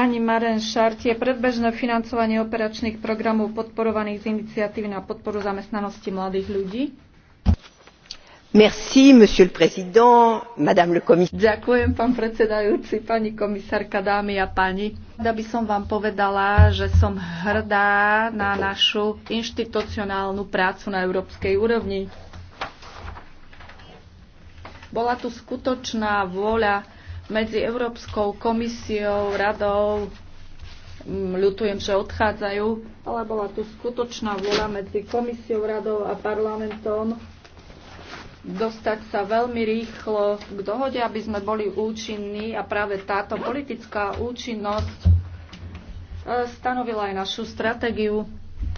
Pani Maren Šartie, predbežné financovanie operačných programov podporovaných z iniciatívy na podporu zamestnanosti mladých ľudí. Merci, monsieur le président, madame le commissaire. Ďakujem, pán predsedajúci, pani komisárka, dámy a páni. Rada by som vám povedala, že som hrdá na našu inštitucionálnu prácu na európskej úrovni. Bola tu skutočná vôľa medzi Európskou komisiou, radou. Mm, ľutujem, že odchádzajú, ale bola tu skutočná vôľa medzi komisiou, radou a parlamentom dostať sa veľmi rýchlo k dohode, aby sme boli účinní a práve táto politická účinnosť e, stanovila aj našu stratégiu.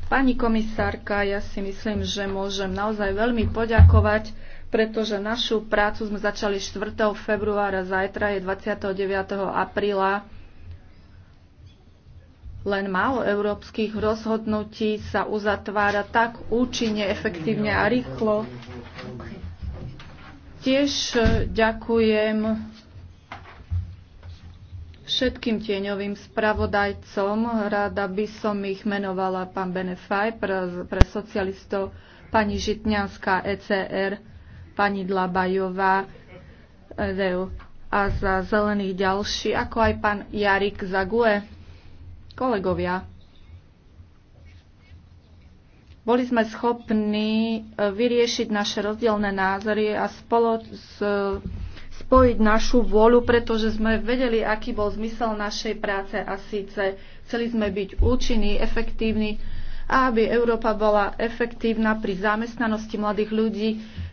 Pani komisárka, ja si myslím, že môžem naozaj veľmi poďakovať pretože našu prácu sme začali 4. februára, zajtra je 29. apríla. Len málo európskych rozhodnutí sa uzatvára tak účinne, efektívne a rýchlo. Tiež eh, ďakujem všetkým tieňovým spravodajcom. Rada by som ich menovala pán Benefaj pre, pre socialistov, pani Žitňanská ECR, pani Dlabajová a za zelených ďalší, ako aj pán Jarik Zague. Kolegovia, boli sme schopní e, vyriešiť naše rozdielne názory a spolo, s, spojiť našu vôľu, pretože sme vedeli, aký bol zmysel našej práce a síce chceli sme byť účinní, efektívni a aby Európa bola efektívna pri zamestnanosti mladých ľudí,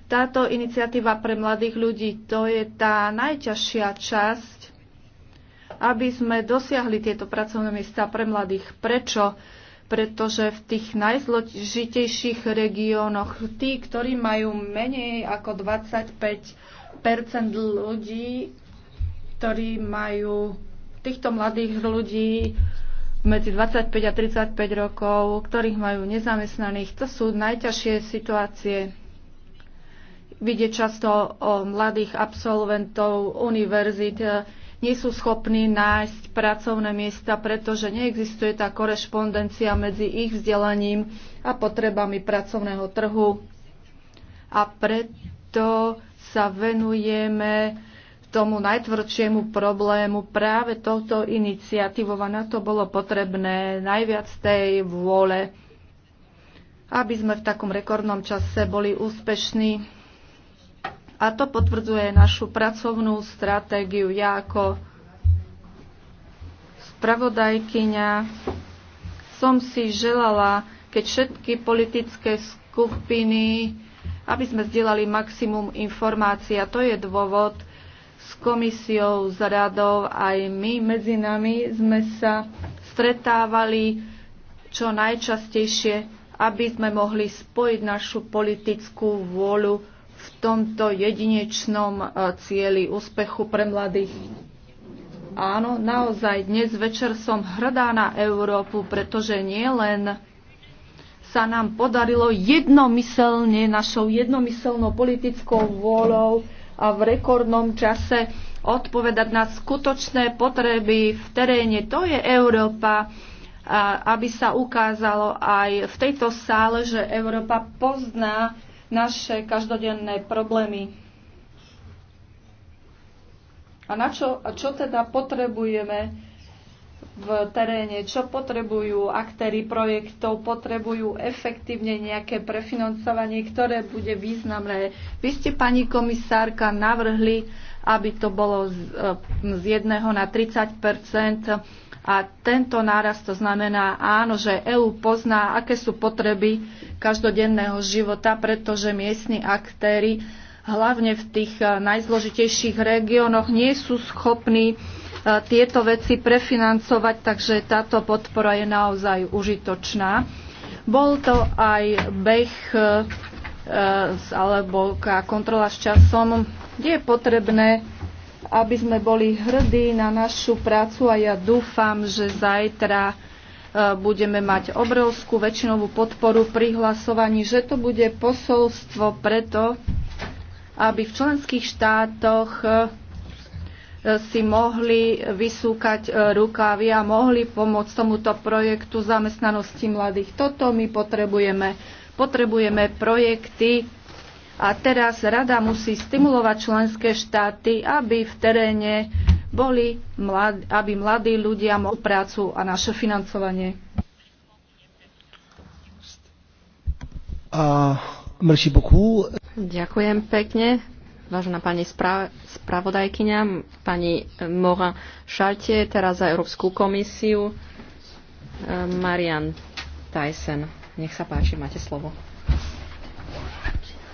táto iniciatíva pre mladých ľudí, to je tá najťažšia časť, aby sme dosiahli tieto pracovné miesta pre mladých. Prečo? Pretože v tých najzložitejších regiónoch, tí, ktorí majú menej ako 25 ľudí, ktorí majú týchto mladých ľudí medzi 25 a 35 rokov, ktorých majú nezamestnaných, to sú najťažšie situácie vidieť často o mladých absolventov univerzít, e, nie sú schopní nájsť pracovné miesta, pretože neexistuje tá korešpondencia medzi ich vzdelaním a potrebami pracovného trhu. A preto sa venujeme tomu najtvrdšiemu problému práve touto iniciatívou a na to bolo potrebné najviac tej vôle, aby sme v takom rekordnom čase boli úspešní. A to potvrdzuje našu pracovnú stratégiu. Ja ako spravodajkyňa som si želala, keď všetky politické skupiny, aby sme zdieľali maximum informácií. A to je dôvod, s komisiou, s radou, aj my medzi nami sme sa stretávali čo najčastejšie, aby sme mohli spojiť našu politickú vôľu tomto jedinečnom e, cieli úspechu pre mladých. Áno, naozaj dnes večer som hrdá na Európu, pretože nie len sa nám podarilo jednomyselne, našou jednomyselnou politickou vôľou a v rekordnom čase odpovedať na skutočné potreby v teréne. To je Európa, aby sa ukázalo aj v tejto sále, že Európa pozná naše každodenné problémy. A na čo, a čo teda potrebujeme v teréne, čo potrebujú aktéry projektov, potrebujú efektívne nejaké prefinancovanie, ktoré bude významné. Vy ste, pani komisárka, navrhli, aby to bolo z, e, z 1 na 30 a tento nárast to znamená áno, že EÚ pozná, aké sú potreby každodenného života, pretože miestni aktéry hlavne v tých eh, najzložitejších regiónoch nie sú schopní eh, tieto veci prefinancovať, takže táto podpora je naozaj užitočná. Bol to aj beh eh, alebo kontrola s časom, kde je potrebné aby sme boli hrdí na našu prácu a ja dúfam, že zajtra e, budeme mať obrovskú väčšinovú podporu pri hlasovaní, že to bude posolstvo preto, aby v členských štátoch e, si mohli vysúkať e, rukávy a mohli pomôcť tomuto projektu zamestnanosti mladých. Toto my potrebujeme. Potrebujeme projekty, a teraz rada musí stimulovať členské štáty, aby v teréne boli, mladí, aby mladí ľudia mohli prácu a naše financovanie. A, merci beaucoup. Ďakujem pekne. Vážená pani spra- spravodajkyňa, pani Mora Šaltie, teraz za Európsku komisiu. Marian Tyson, nech sa páči, máte slovo.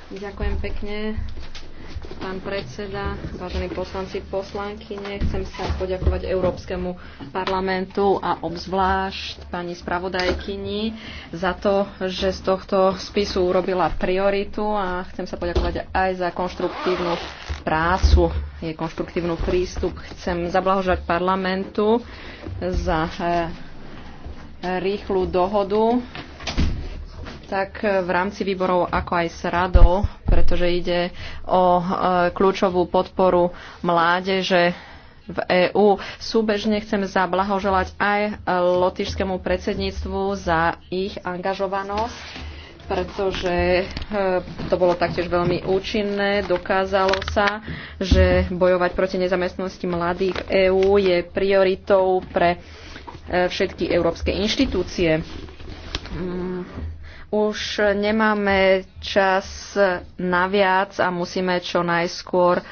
Ďakujem pekne, pán predseda, vážení poslanci, poslanky. Chcem sa poďakovať Európskemu parlamentu a obzvlášť pani spravodajkyni za to, že z tohto spisu urobila prioritu a chcem sa poďakovať aj za konštruktívnu prácu, Je konštruktívnu prístup. Chcem zablahožať parlamentu za eh, rýchlu dohodu tak eh, v rámci výborov ako aj s radou, pretože ide o eh, kľúčovú podporu mládeže v EÚ. Súbežne chcem zablahoželať aj eh, lotišskému predsedníctvu za ich angažovanosť pretože to bolo taktiež veľmi účinné. Dokázalo sa, že bojovať proti nezamestnosti mladých v EÚ je prioritou pre všetky európske inštitúcie mm už nemáme čas naviac a musíme čo najskôr e,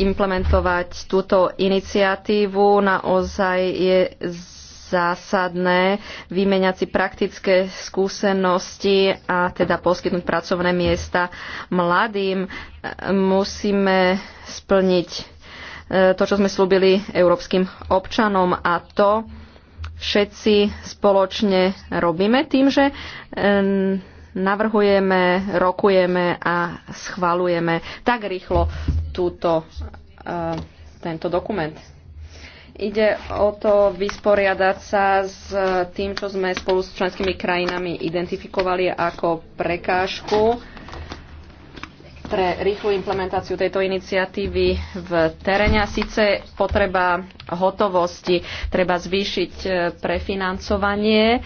implementovať túto iniciatívu. Naozaj je zásadné vymeniať si praktické skúsenosti a teda poskytnúť pracovné miesta mladým. E, musíme splniť e, to, čo sme slúbili európskym občanom a to, všetci spoločne robíme tým, že navrhujeme, rokujeme a schvalujeme tak rýchlo túto, e, tento dokument. Ide o to vysporiadať sa s tým, čo sme spolu s členskými krajinami identifikovali ako prekážku pre rýchlu implementáciu tejto iniciatívy v teréne a síce potreba hotovosti. Treba zvýšiť e, prefinancovanie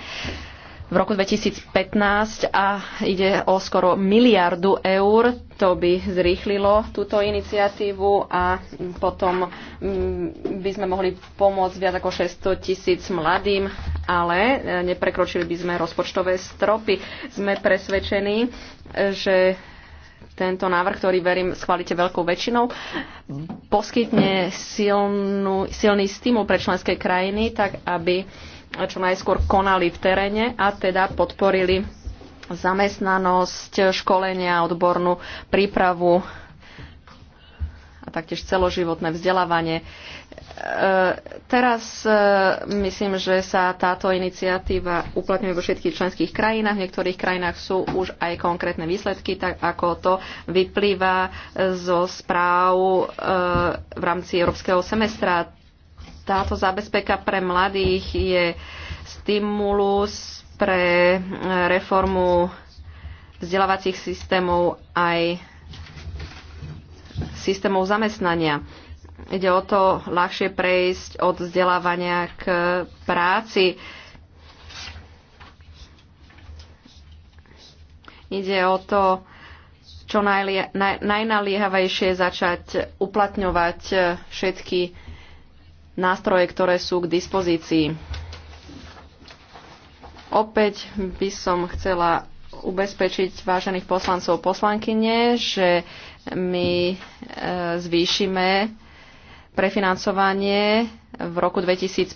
v roku 2015 a ide o skoro miliardu eur. To by zrýchlilo túto iniciatívu a potom mm, by sme mohli pomôcť viac ako 600 tisíc mladým, ale e, neprekročili by sme rozpočtové stropy. Sme presvedčení, e, že tento návrh, ktorý verím schválite veľkou väčšinou, poskytne silnú, silný stimul pre členské krajiny, tak aby čo najskôr konali v teréne a teda podporili zamestnanosť, školenia, odbornú prípravu a taktiež celoživotné vzdelávanie. E, teraz e, myslím, že sa táto iniciatíva uplatňuje vo všetkých členských krajinách. V niektorých krajinách sú už aj konkrétne výsledky, tak ako to vyplýva zo správ e, v rámci európskeho semestra. Táto zabezpeka pre mladých je stimulus pre reformu vzdelávacích systémov aj systémov zamestnania ide o to ľahšie prejsť od vzdelávania k práci. Ide o to, čo najlie, naj, najnaliehavejšie začať uplatňovať všetky nástroje, ktoré sú k dispozícii. Opäť by som chcela ubezpečiť vážených poslancov poslankyne, že my e, zvýšime prefinancovanie v roku 2015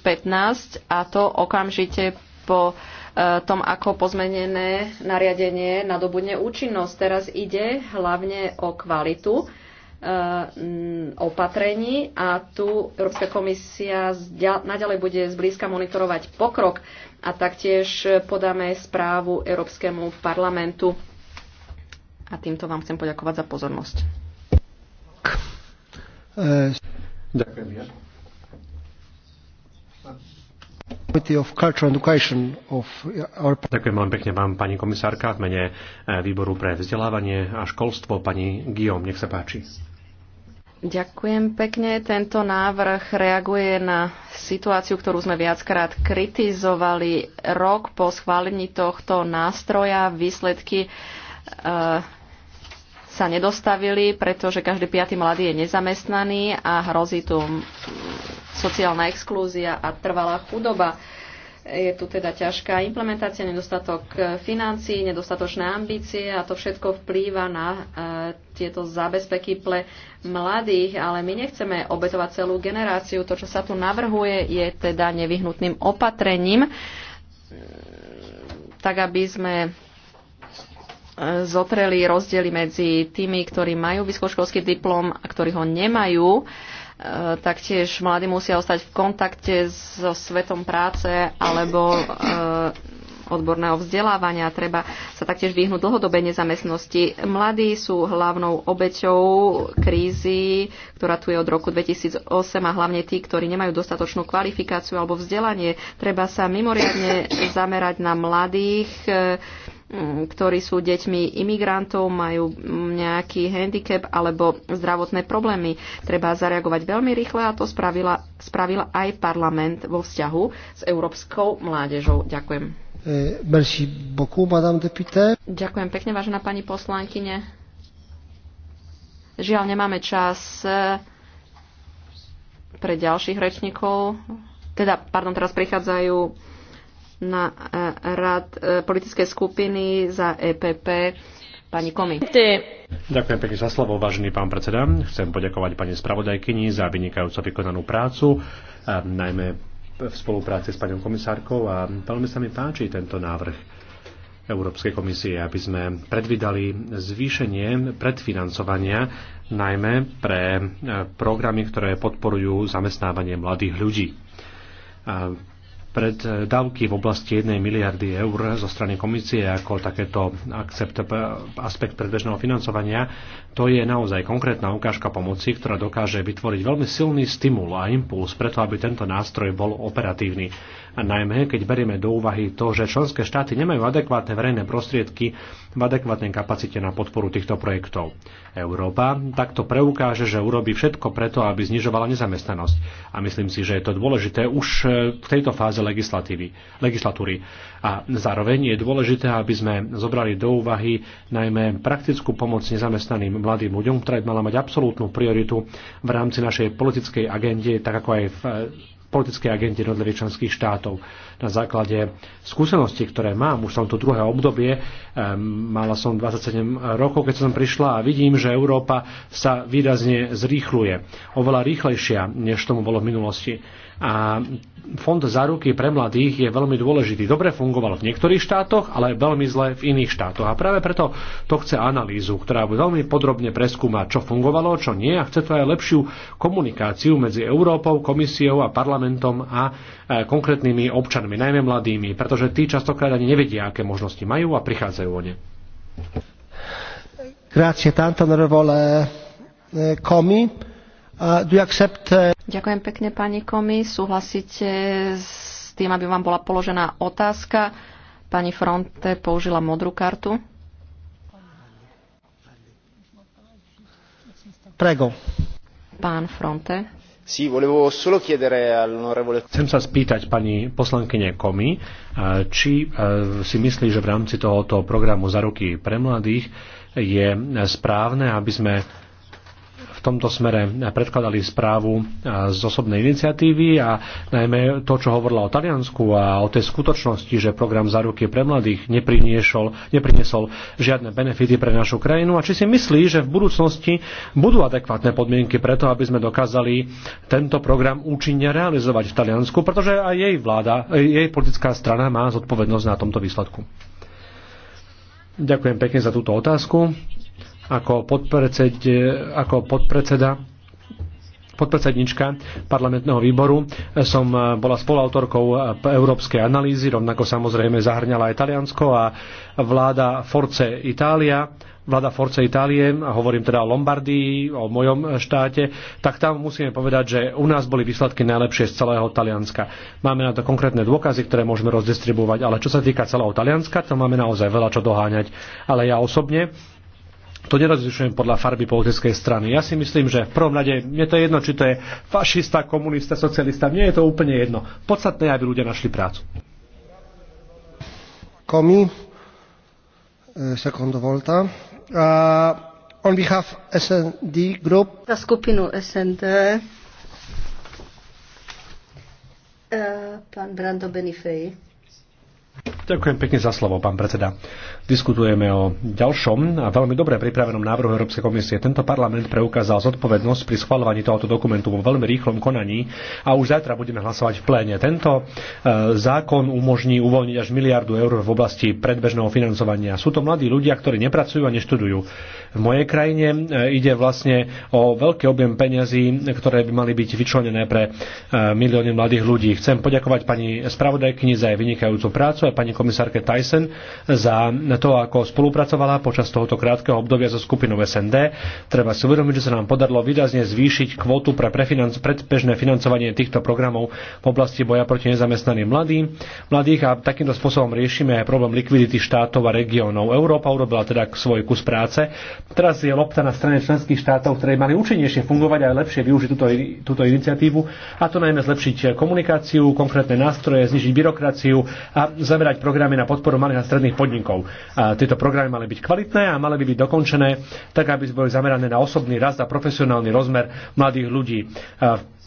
a to okamžite po e, tom, ako pozmenené nariadenie nadobudne účinnosť. Teraz ide hlavne o kvalitu e, opatrení a tu Európska komisia naďalej bude zblízka monitorovať pokrok a taktiež podáme správu Európskemu parlamentu. A týmto vám chcem poďakovať za pozornosť. E, Uh, Ďakujem. veľmi pekne vám, pani komisárka, v mene eh, Výboru pre vzdelávanie a školstvo, pani Guillaume, nech sa páči. Ďakujem pekne. Tento návrh reaguje na situáciu, ktorú sme viackrát kritizovali rok po schválení tohto nástroja. Výsledky uh, sa nedostavili, pretože každý piatý mladý je nezamestnaný a hrozí tu sociálna exklúzia a trvalá chudoba. Je tu teda ťažká implementácia, nedostatok financí, nedostatočné ambície a to všetko vplýva na e, tieto zábezpeky pre mladých, ale my nechceme obetovať celú generáciu. To, čo sa tu navrhuje, je teda nevyhnutným opatrením, tak aby sme zotreli rozdiely medzi tými, ktorí majú vysokoškolský diplom a ktorí ho nemajú. E, taktiež mladí musia ostať v kontakte so svetom práce alebo e, odborného vzdelávania. Treba sa taktiež vyhnúť dlhodobej nezamestnosti. Mladí sú hlavnou obeťou krízy, ktorá tu je od roku 2008 a hlavne tí, ktorí nemajú dostatočnú kvalifikáciu alebo vzdelanie. Treba sa mimoriadne zamerať na mladých e, Mm, ktorí sú deťmi imigrantov, majú nejaký handicap alebo zdravotné problémy. Treba zareagovať veľmi rýchle a to spravila, spravila aj parlament vo vzťahu s európskou mládežou. Ďakujem. E, merci beaucoup, madame deputé. Ďakujem pekne, vážená pani poslankyne. Žiaľ, nemáme čas e, pre ďalších rečníkov. Teda, pardon, teraz prichádzajú na e, rad e, politické skupiny za EPP. Pani Komi. Ďakujem pekne za slovo, vážený pán predseda. Chcem poďakovať pani spravodajkyni za vynikajúco vykonanú prácu, najmä v spolupráci s pani komisárkou a veľmi sa mi páči tento návrh. Európskej komisie, aby sme predvidali zvýšenie predfinancovania najmä pre e, programy, ktoré podporujú zamestnávanie mladých ľudí pred dávky v oblasti 1 miliardy eur zo strany komisie ako takéto accept, aspekt predbežného financovania, to je naozaj konkrétna ukážka pomoci, ktorá dokáže vytvoriť veľmi silný stimul a impuls preto, aby tento nástroj bol operatívny a najmä keď berieme do úvahy to, že členské štáty nemajú adekvátne verejné prostriedky v adekvátnej kapacite na podporu týchto projektov. Európa takto preukáže, že urobí všetko preto, aby znižovala nezamestnanosť. A myslím si, že je to dôležité už e, v tejto fáze legislatívy, legislatúry. A zároveň je dôležité, aby sme zobrali do úvahy najmä praktickú pomoc nezamestnaným mladým ľuďom, ktorá by mala mať absolútnu prioritu v rámci našej politickej agendy, tak ako aj v politické agenti jednotlivých členských štátov. Na základe skúseností, ktoré mám, už som tu druhé obdobie, mala som 27 rokov, keď som prišla a vidím, že Európa sa výrazne zrýchluje. Oveľa rýchlejšia, než tomu bolo v minulosti. A fond záruky pre mladých je veľmi dôležitý. Dobre fungoval v niektorých štátoch, ale veľmi zle v iných štátoch. A práve preto to chce analýzu, ktorá veľmi podrobne preskúma, čo fungovalo, čo nie a chce to aj lepšiu komunikáciu medzi Európou, komisiou a parlamentom a e, konkrétnymi občanmi, najmä mladými, pretože tí častokrát ani nevedia, aké možnosti majú a prichádzajú o ne. Grazie tanto onorevole Comi. E, Uh, accept, uh... Ďakujem pekne, pani Komi. Súhlasíte s tým, aby vám bola položená otázka? Pani Fronte použila modrú kartu. Prego. Pán Fronte. Chcem sa spýtať pani poslankyne Komi, uh, či uh, si myslí, že v rámci tohoto programu za ruky pre mladých je správne, aby sme v tomto smere predkladali správu z osobnej iniciatívy a najmä to, čo hovorila o Taliansku a o tej skutočnosti, že program záruky pre mladých nepriniesol, nepriniesol žiadne benefity pre našu krajinu a či si myslí, že v budúcnosti budú adekvátne podmienky preto, aby sme dokázali tento program účinne realizovať v Taliansku, pretože aj jej vláda, jej politická strana má zodpovednosť na tomto výsledku. Ďakujem pekne za túto otázku ako, podpredsed, ako podpredseda podpredsednička parlamentného výboru. Som eh, bola spoluautorkou eh, európskej analýzy, rovnako samozrejme zahrňala aj Taliansko a vláda Force Itália vláda Force Itálie, a hovorím teda o Lombardii, o mojom štáte, tak tam musíme povedať, že u nás boli výsledky najlepšie z celého Talianska. Máme na to konkrétne dôkazy, ktoré môžeme rozdistribovať, ale čo sa týka celého Talianska, to máme naozaj veľa čo doháňať. Ale ja osobne to nerozlišujem podľa farby politickej strany. Ja si myslím, že v prvom rade je to jedno, či to je fašista, komunista, socialista. Mne je to úplne jedno. Podstatné je, aby ľudia našli prácu. Komi, eh, secondo volta. Uh... On behalf SND Group. Za skupinu SND eh, pán Brando Benifej. Ďakujem pekne za slovo, pán predseda. Diskutujeme o ďalšom a veľmi dobre pripravenom návrhu Európskej komisie. Tento parlament preukázal zodpovednosť pri schvalovaní tohoto dokumentu vo veľmi rýchlom konaní a už zajtra budeme hlasovať v pléne. Tento e, zákon umožní uvoľniť až miliardu eur v oblasti predbežného financovania. Sú to mladí ľudia, ktorí nepracujú a neštudujú. V mojej krajine e, ide vlastne o veľký objem peňazí, ktoré by mali byť vyčlenené pre e, milióny mladých ľudí. Chcem poďakovať pani spravodajkyni za jej vynikajúcu prácu a pani komisárke Tyson za to, ako spolupracovala počas tohoto krátkeho obdobia so skupinou SND. Treba si uvedomiť, že sa nám podarilo výrazne zvýšiť kvotu pre prefinanc- predbežné financovanie týchto programov v oblasti boja proti nezamestnaným mladým, mladých a takýmto spôsobom riešime aj problém likvidity štátov a regiónov. Európa urobila teda svoj kus práce. Teraz je lopta na strane členských štátov, ktoré mali účinnejšie fungovať a lepšie využiť túto, túto iniciatívu a to najmä zlepšiť komunikáciu, konkrétne nástroje, znižiť byrokraciu a zamerať programy na podporu malých a stredných podnikov. Tieto programy mali byť kvalitné a mali by byť dokončené tak, aby boli zamerané na osobný rast a profesionálny rozmer mladých ľudí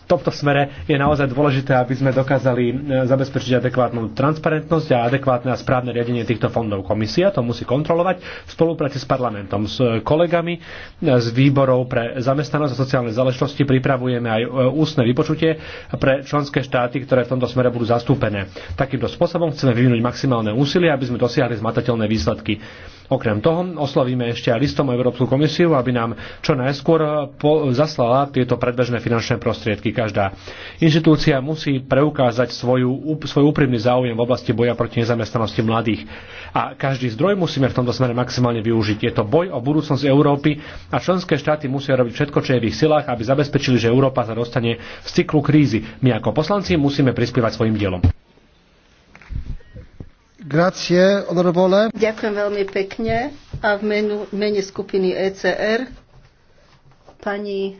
tomto smere je naozaj dôležité, aby sme dokázali e, zabezpečiť adekvátnu transparentnosť a adekvátne a správne riadenie týchto fondov. Komisia to musí kontrolovať v spolupráci s parlamentom, s e, kolegami e, z výborov pre zamestnanosť a sociálne záležitosti. Pripravujeme aj ústne vypočutie pre členské štáty, ktoré v tomto smere budú zastúpené. Takýmto spôsobom chceme vyvinúť maximálne úsilie, aby sme dosiahli zmatateľné výsledky. Okrem toho oslovíme ešte aj listom Európsku komisiu, aby nám čo najskôr zaslala tieto predbežné finančné prostriedky každá. Inštitúcia musí preukázať svoju, svoj úprimný záujem v oblasti boja proti nezamestnanosti mladých. A každý zdroj musíme v tomto smere maximálne využiť. Je to boj o budúcnosť Európy a členské štáty musia robiť všetko, čo je v ich silách, aby zabezpečili, že Európa sa dostane z cyklu krízy. My ako poslanci musíme prispievať svojim dielom. Grazie, Ďakujem veľmi pekne a v menu, mene skupiny ECR pani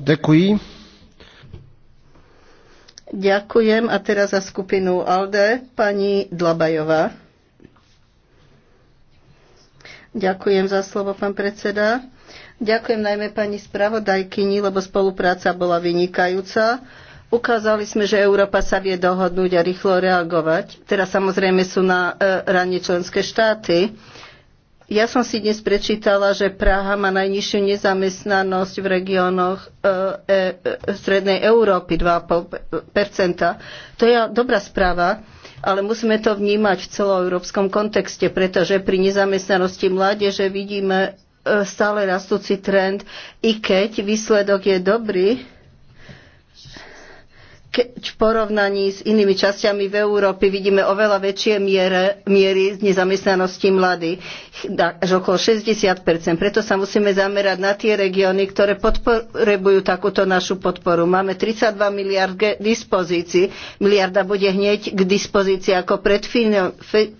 Ďakujem. Ďakujem a teraz za skupinu ALDE pani Dlabajová. Ďakujem za slovo, pán predseda. Ďakujem najmä pani spravodajkyni, lebo spolupráca bola vynikajúca. Ukázali sme, že Európa sa vie dohodnúť a rýchlo reagovať. Teraz samozrejme sú na e, rane členské štáty. E, ja som si dnes prečítala, že Praha má najnižšiu nezamestnanosť v regiónoch e, e, e Strednej Európy, 2,5 To je dobrá správa, ale musíme to vnímať v celoeurópskom kontexte, pretože pri nezamestnanosti mládeže vidíme e, stále rastúci trend, i keď výsledok je dobrý, keď v porovnaní s inými časťami v Európe vidíme oveľa väčšie miere, miery nezamestnanosti mladých, až okolo 60 Preto sa musíme zamerať na tie regióny, ktoré potrebujú takúto našu podporu. Máme 32 miliard k dispozícii. Miliarda bude hneď k dispozícii ako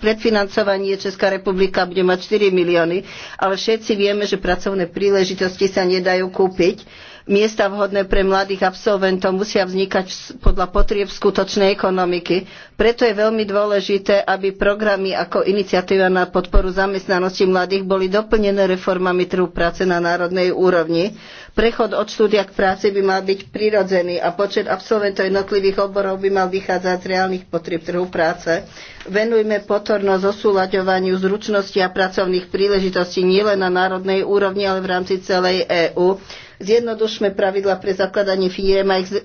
predfinancovanie. Česká republika bude mať 4 milióny. Ale všetci vieme, že pracovné príležitosti sa nedajú kúpiť miesta vhodné pre mladých absolventov musia vznikať podľa potrieb skutočnej ekonomiky. Preto je veľmi dôležité, aby programy ako iniciatíva na podporu zamestnanosti mladých boli doplnené reformami trhu práce na národnej úrovni. Prechod od štúdia k práci by mal byť prirodzený a počet absolventov jednotlivých oborov by mal vychádzať z reálnych potrieb trhu práce. Venujme pozornosť osúľaďovaniu zručnosti a pracovných príležitostí nielen na národnej úrovni, ale v rámci celej EÚ Zjednodušme pravidla pre zakladanie firiem a ich e,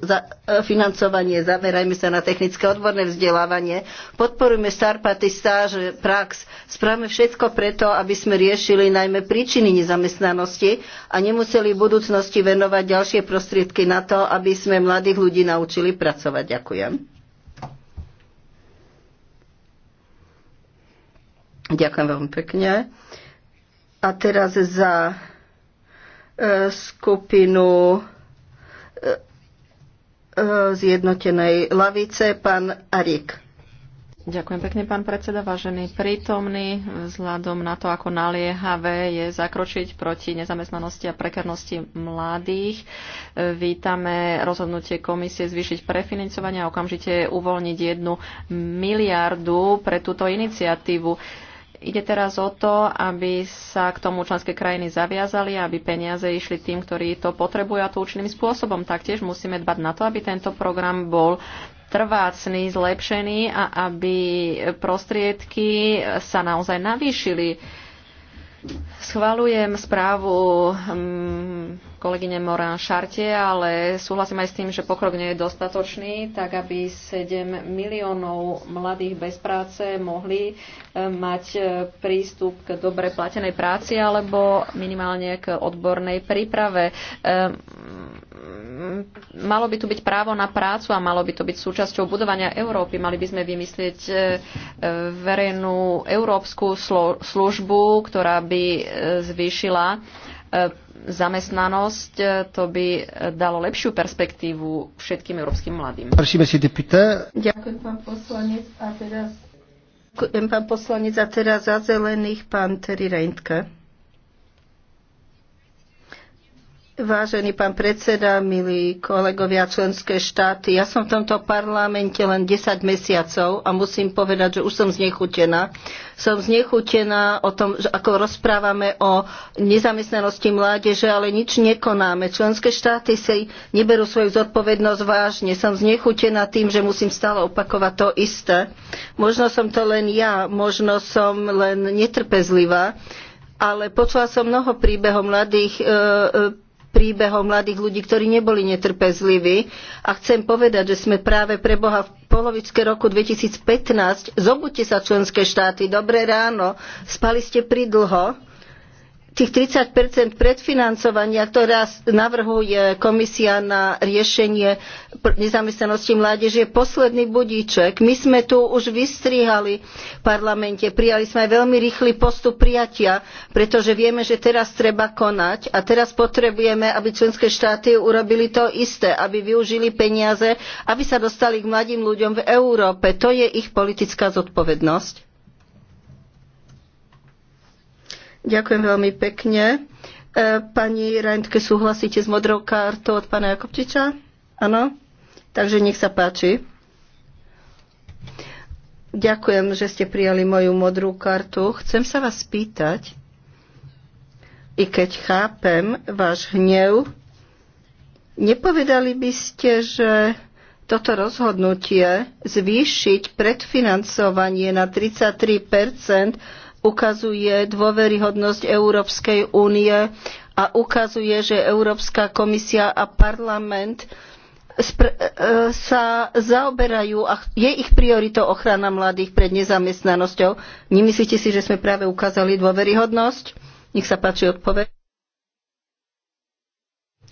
financovanie. Zamerajme sa na technické odborné vzdelávanie. Podporujme starpaty, stáže, prax. spravme všetko preto, aby sme riešili najmä príčiny nezamestnanosti a nemuseli v budúcnosti venovať ďalšie prostriedky na to, aby sme mladých ľudí naučili pracovať. Ďakujem. Ďakujem veľmi pekne. A teraz za E, skupinu e, e, zjednotenej lavice, pán Arik. Ďakujem pekne, pán predseda, vážený prítomný. Vzhľadom na to, ako naliehavé je zakročiť proti nezamestnanosti a prekernosti mladých, vítame rozhodnutie komisie zvýšiť prefinancovanie a okamžite uvoľniť jednu miliardu pre túto iniciatívu Ide teraz o to, aby sa k tomu členské krajiny zaviazali, aby peniaze išli tým, ktorí to potrebujú a to účinným spôsobom. Taktiež musíme dbať na to, aby tento program bol trvácný, zlepšený a aby prostriedky sa naozaj navýšili. Schvalujem správu mm, kolegyne Morán Šarte, ale súhlasím aj s tým, že pokrok nie je dostatočný, tak aby 7 miliónov mladých bez práce mohli e, mať e, prístup k dobre platenej práci alebo minimálne k odbornej príprave. E, malo by tu byť právo na prácu a malo by to byť súčasťou budovania Európy. Mali by sme vymyslieť verejnú európsku službu, ktorá by zvýšila E, zamestnanosť, e, to by e, dalo lepšiu perspektívu všetkým európskym mladým. Ďakujem, pán poslanec. A teraz, ďakujem, pán poslanec. A teraz za zelených pán Terry Reintke. Vážený pán predseda, milí kolegovia členské štáty, ja som v tomto parlamente len 10 mesiacov a musím povedať, že už som znechutená. Som znechutená o tom, ako rozprávame o nezamestnanosti mládeže, ale nič nekonáme. Členské štáty si neberú svoju zodpovednosť vážne. Som znechutená tým, že musím stále opakovať to isté. Možno som to len ja, možno som len netrpezlivá, ale počula som mnoho príbehov mladých e, e, príbehov mladých ľudí, ktorí neboli netrpezliví. A chcem povedať, že sme práve pre Boha v polovičke roku 2015. Zobuďte sa, členské štáty, dobré ráno, spali ste pridlho Tých 30 predfinancovania, ktoré navrhuje komisia na riešenie nezamestnanosti mládeže, je posledný budíček. My sme tu už vystrihali v parlamente, prijali sme aj veľmi rýchly postup prijatia, pretože vieme, že teraz treba konať a teraz potrebujeme, aby členské štáty urobili to isté, aby využili peniaze, aby sa dostali k mladým ľuďom v Európe. To je ich politická zodpovednosť. Ďakujem veľmi pekne. E, pani Rajntke, súhlasíte s modrou kartou od pána Jakobčiča? Áno? Takže nech sa páči. Ďakujem, že ste prijali moju modrú kartu. Chcem sa vás spýtať, i keď chápem váš hnev, nepovedali by ste, že toto rozhodnutie zvýšiť predfinancovanie na 33 ukazuje dôveryhodnosť Európskej únie a ukazuje, že Európska komisia a parlament e, sa zaoberajú a je ich prioritou ochrana mladých pred nezamestnanosťou. Nemyslíte si, že sme práve ukázali dôveryhodnosť? Nech sa páči odpoveď.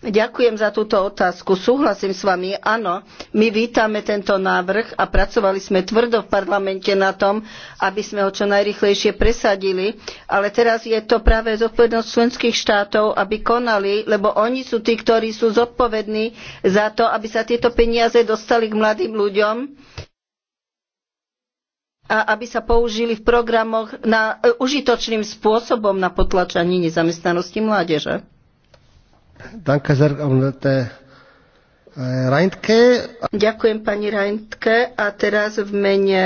Ďakujem za túto otázku. Súhlasím s vami, áno, my vítame tento návrh a pracovali sme tvrdo v parlamente na tom, aby sme ho čo najrychlejšie presadili, ale teraz je to práve zodpovednosť členských štátov, aby konali, lebo oni sú tí, ktorí sú zodpovední za to, aby sa tieto peniaze dostali k mladým ľuďom a aby sa použili v programoch na, e, užitočným spôsobom na potlačanie nezamestnanosti mládeže. Äh, ďakujem pani Reintke a teraz v mene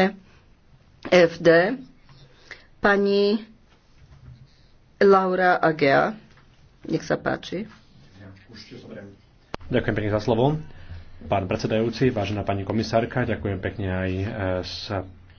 FD pani Laura Agea. Nech sa páči. Ďakujem pekne za slovo. Pán predsedajúci, vážená pani komisárka, ďakujem pekne aj e, s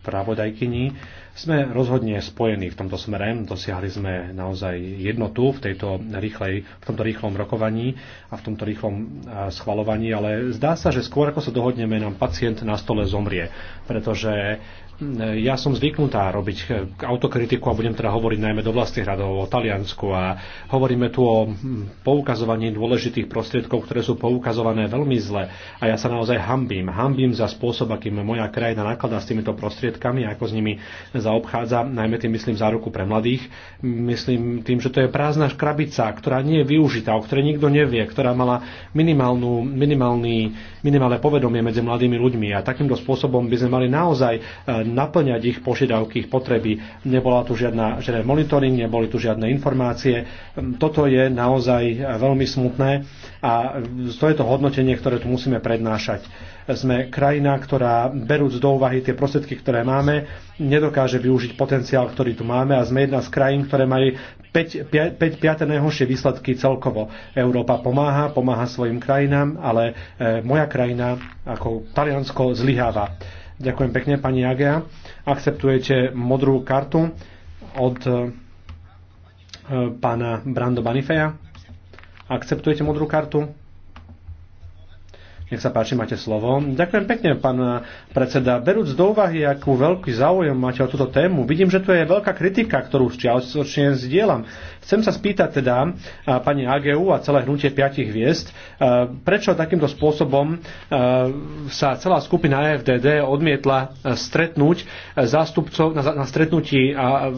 spravodajkyni. Sme rozhodne spojení v tomto smere, dosiahli sme naozaj jednotu v, tejto rýchlej, v tomto rýchlom rokovaní a v tomto rýchlom schvalovaní, ale zdá sa, že skôr ako sa dohodneme, nám pacient na stole zomrie, pretože Hm, ja som zvyknutá robiť eh, autokritiku a budem teda hovoriť najmä do vlastných radov o Taliansku a hovoríme tu o hm, poukazovaní dôležitých prostriedkov, ktoré sú poukazované veľmi zle a ja sa naozaj hambím. Hambím za spôsob, akým moja krajina nakladá s týmito prostriedkami a ako s nimi zaobchádza, najmä tým myslím ruku pre mladých. Myslím tým, že to je prázdna škrabica, ktorá nie je využitá, o ktorej nikto nevie, ktorá mala minimálnu, minimálny, minimálne povedomie medzi mladými ľuďmi a takýmto spôsobom by sme mali naozaj eh, naplňať ich požiadavky, ich potreby. Nebola tu žiadna, žiaden monitoring, neboli tu žiadne informácie. Toto je naozaj veľmi smutné a to je to hodnotenie, ktoré tu musíme prednášať. Sme krajina, ktorá berúc do úvahy tie prostriedky, ktoré máme, nedokáže využiť potenciál, ktorý tu máme a sme jedna z krajín, ktoré majú 5, 5, 5 5. najhoršie výsledky celkovo. Európa pomáha, pomáha svojim krajinám, ale e, moja krajina ako Taliansko zlyháva Ďakujem pekne, pani Agea. Akceptujete modrú kartu od e, pána Brando Banifeja? Akceptujete modrú kartu? Nech sa páči, máte slovo. Ďakujem pekne, pán predseda. Berúc do úvahy, akú veľký záujem máte o túto tému, vidím, že tu je veľká kritika, ktorú čiastočne zdieľam. Chcem sa spýtať teda pani AGU a celé hnutie piatich hviezd, prečo takýmto spôsobom sa celá skupina FDD odmietla stretnúť zástupcov na stretnutí a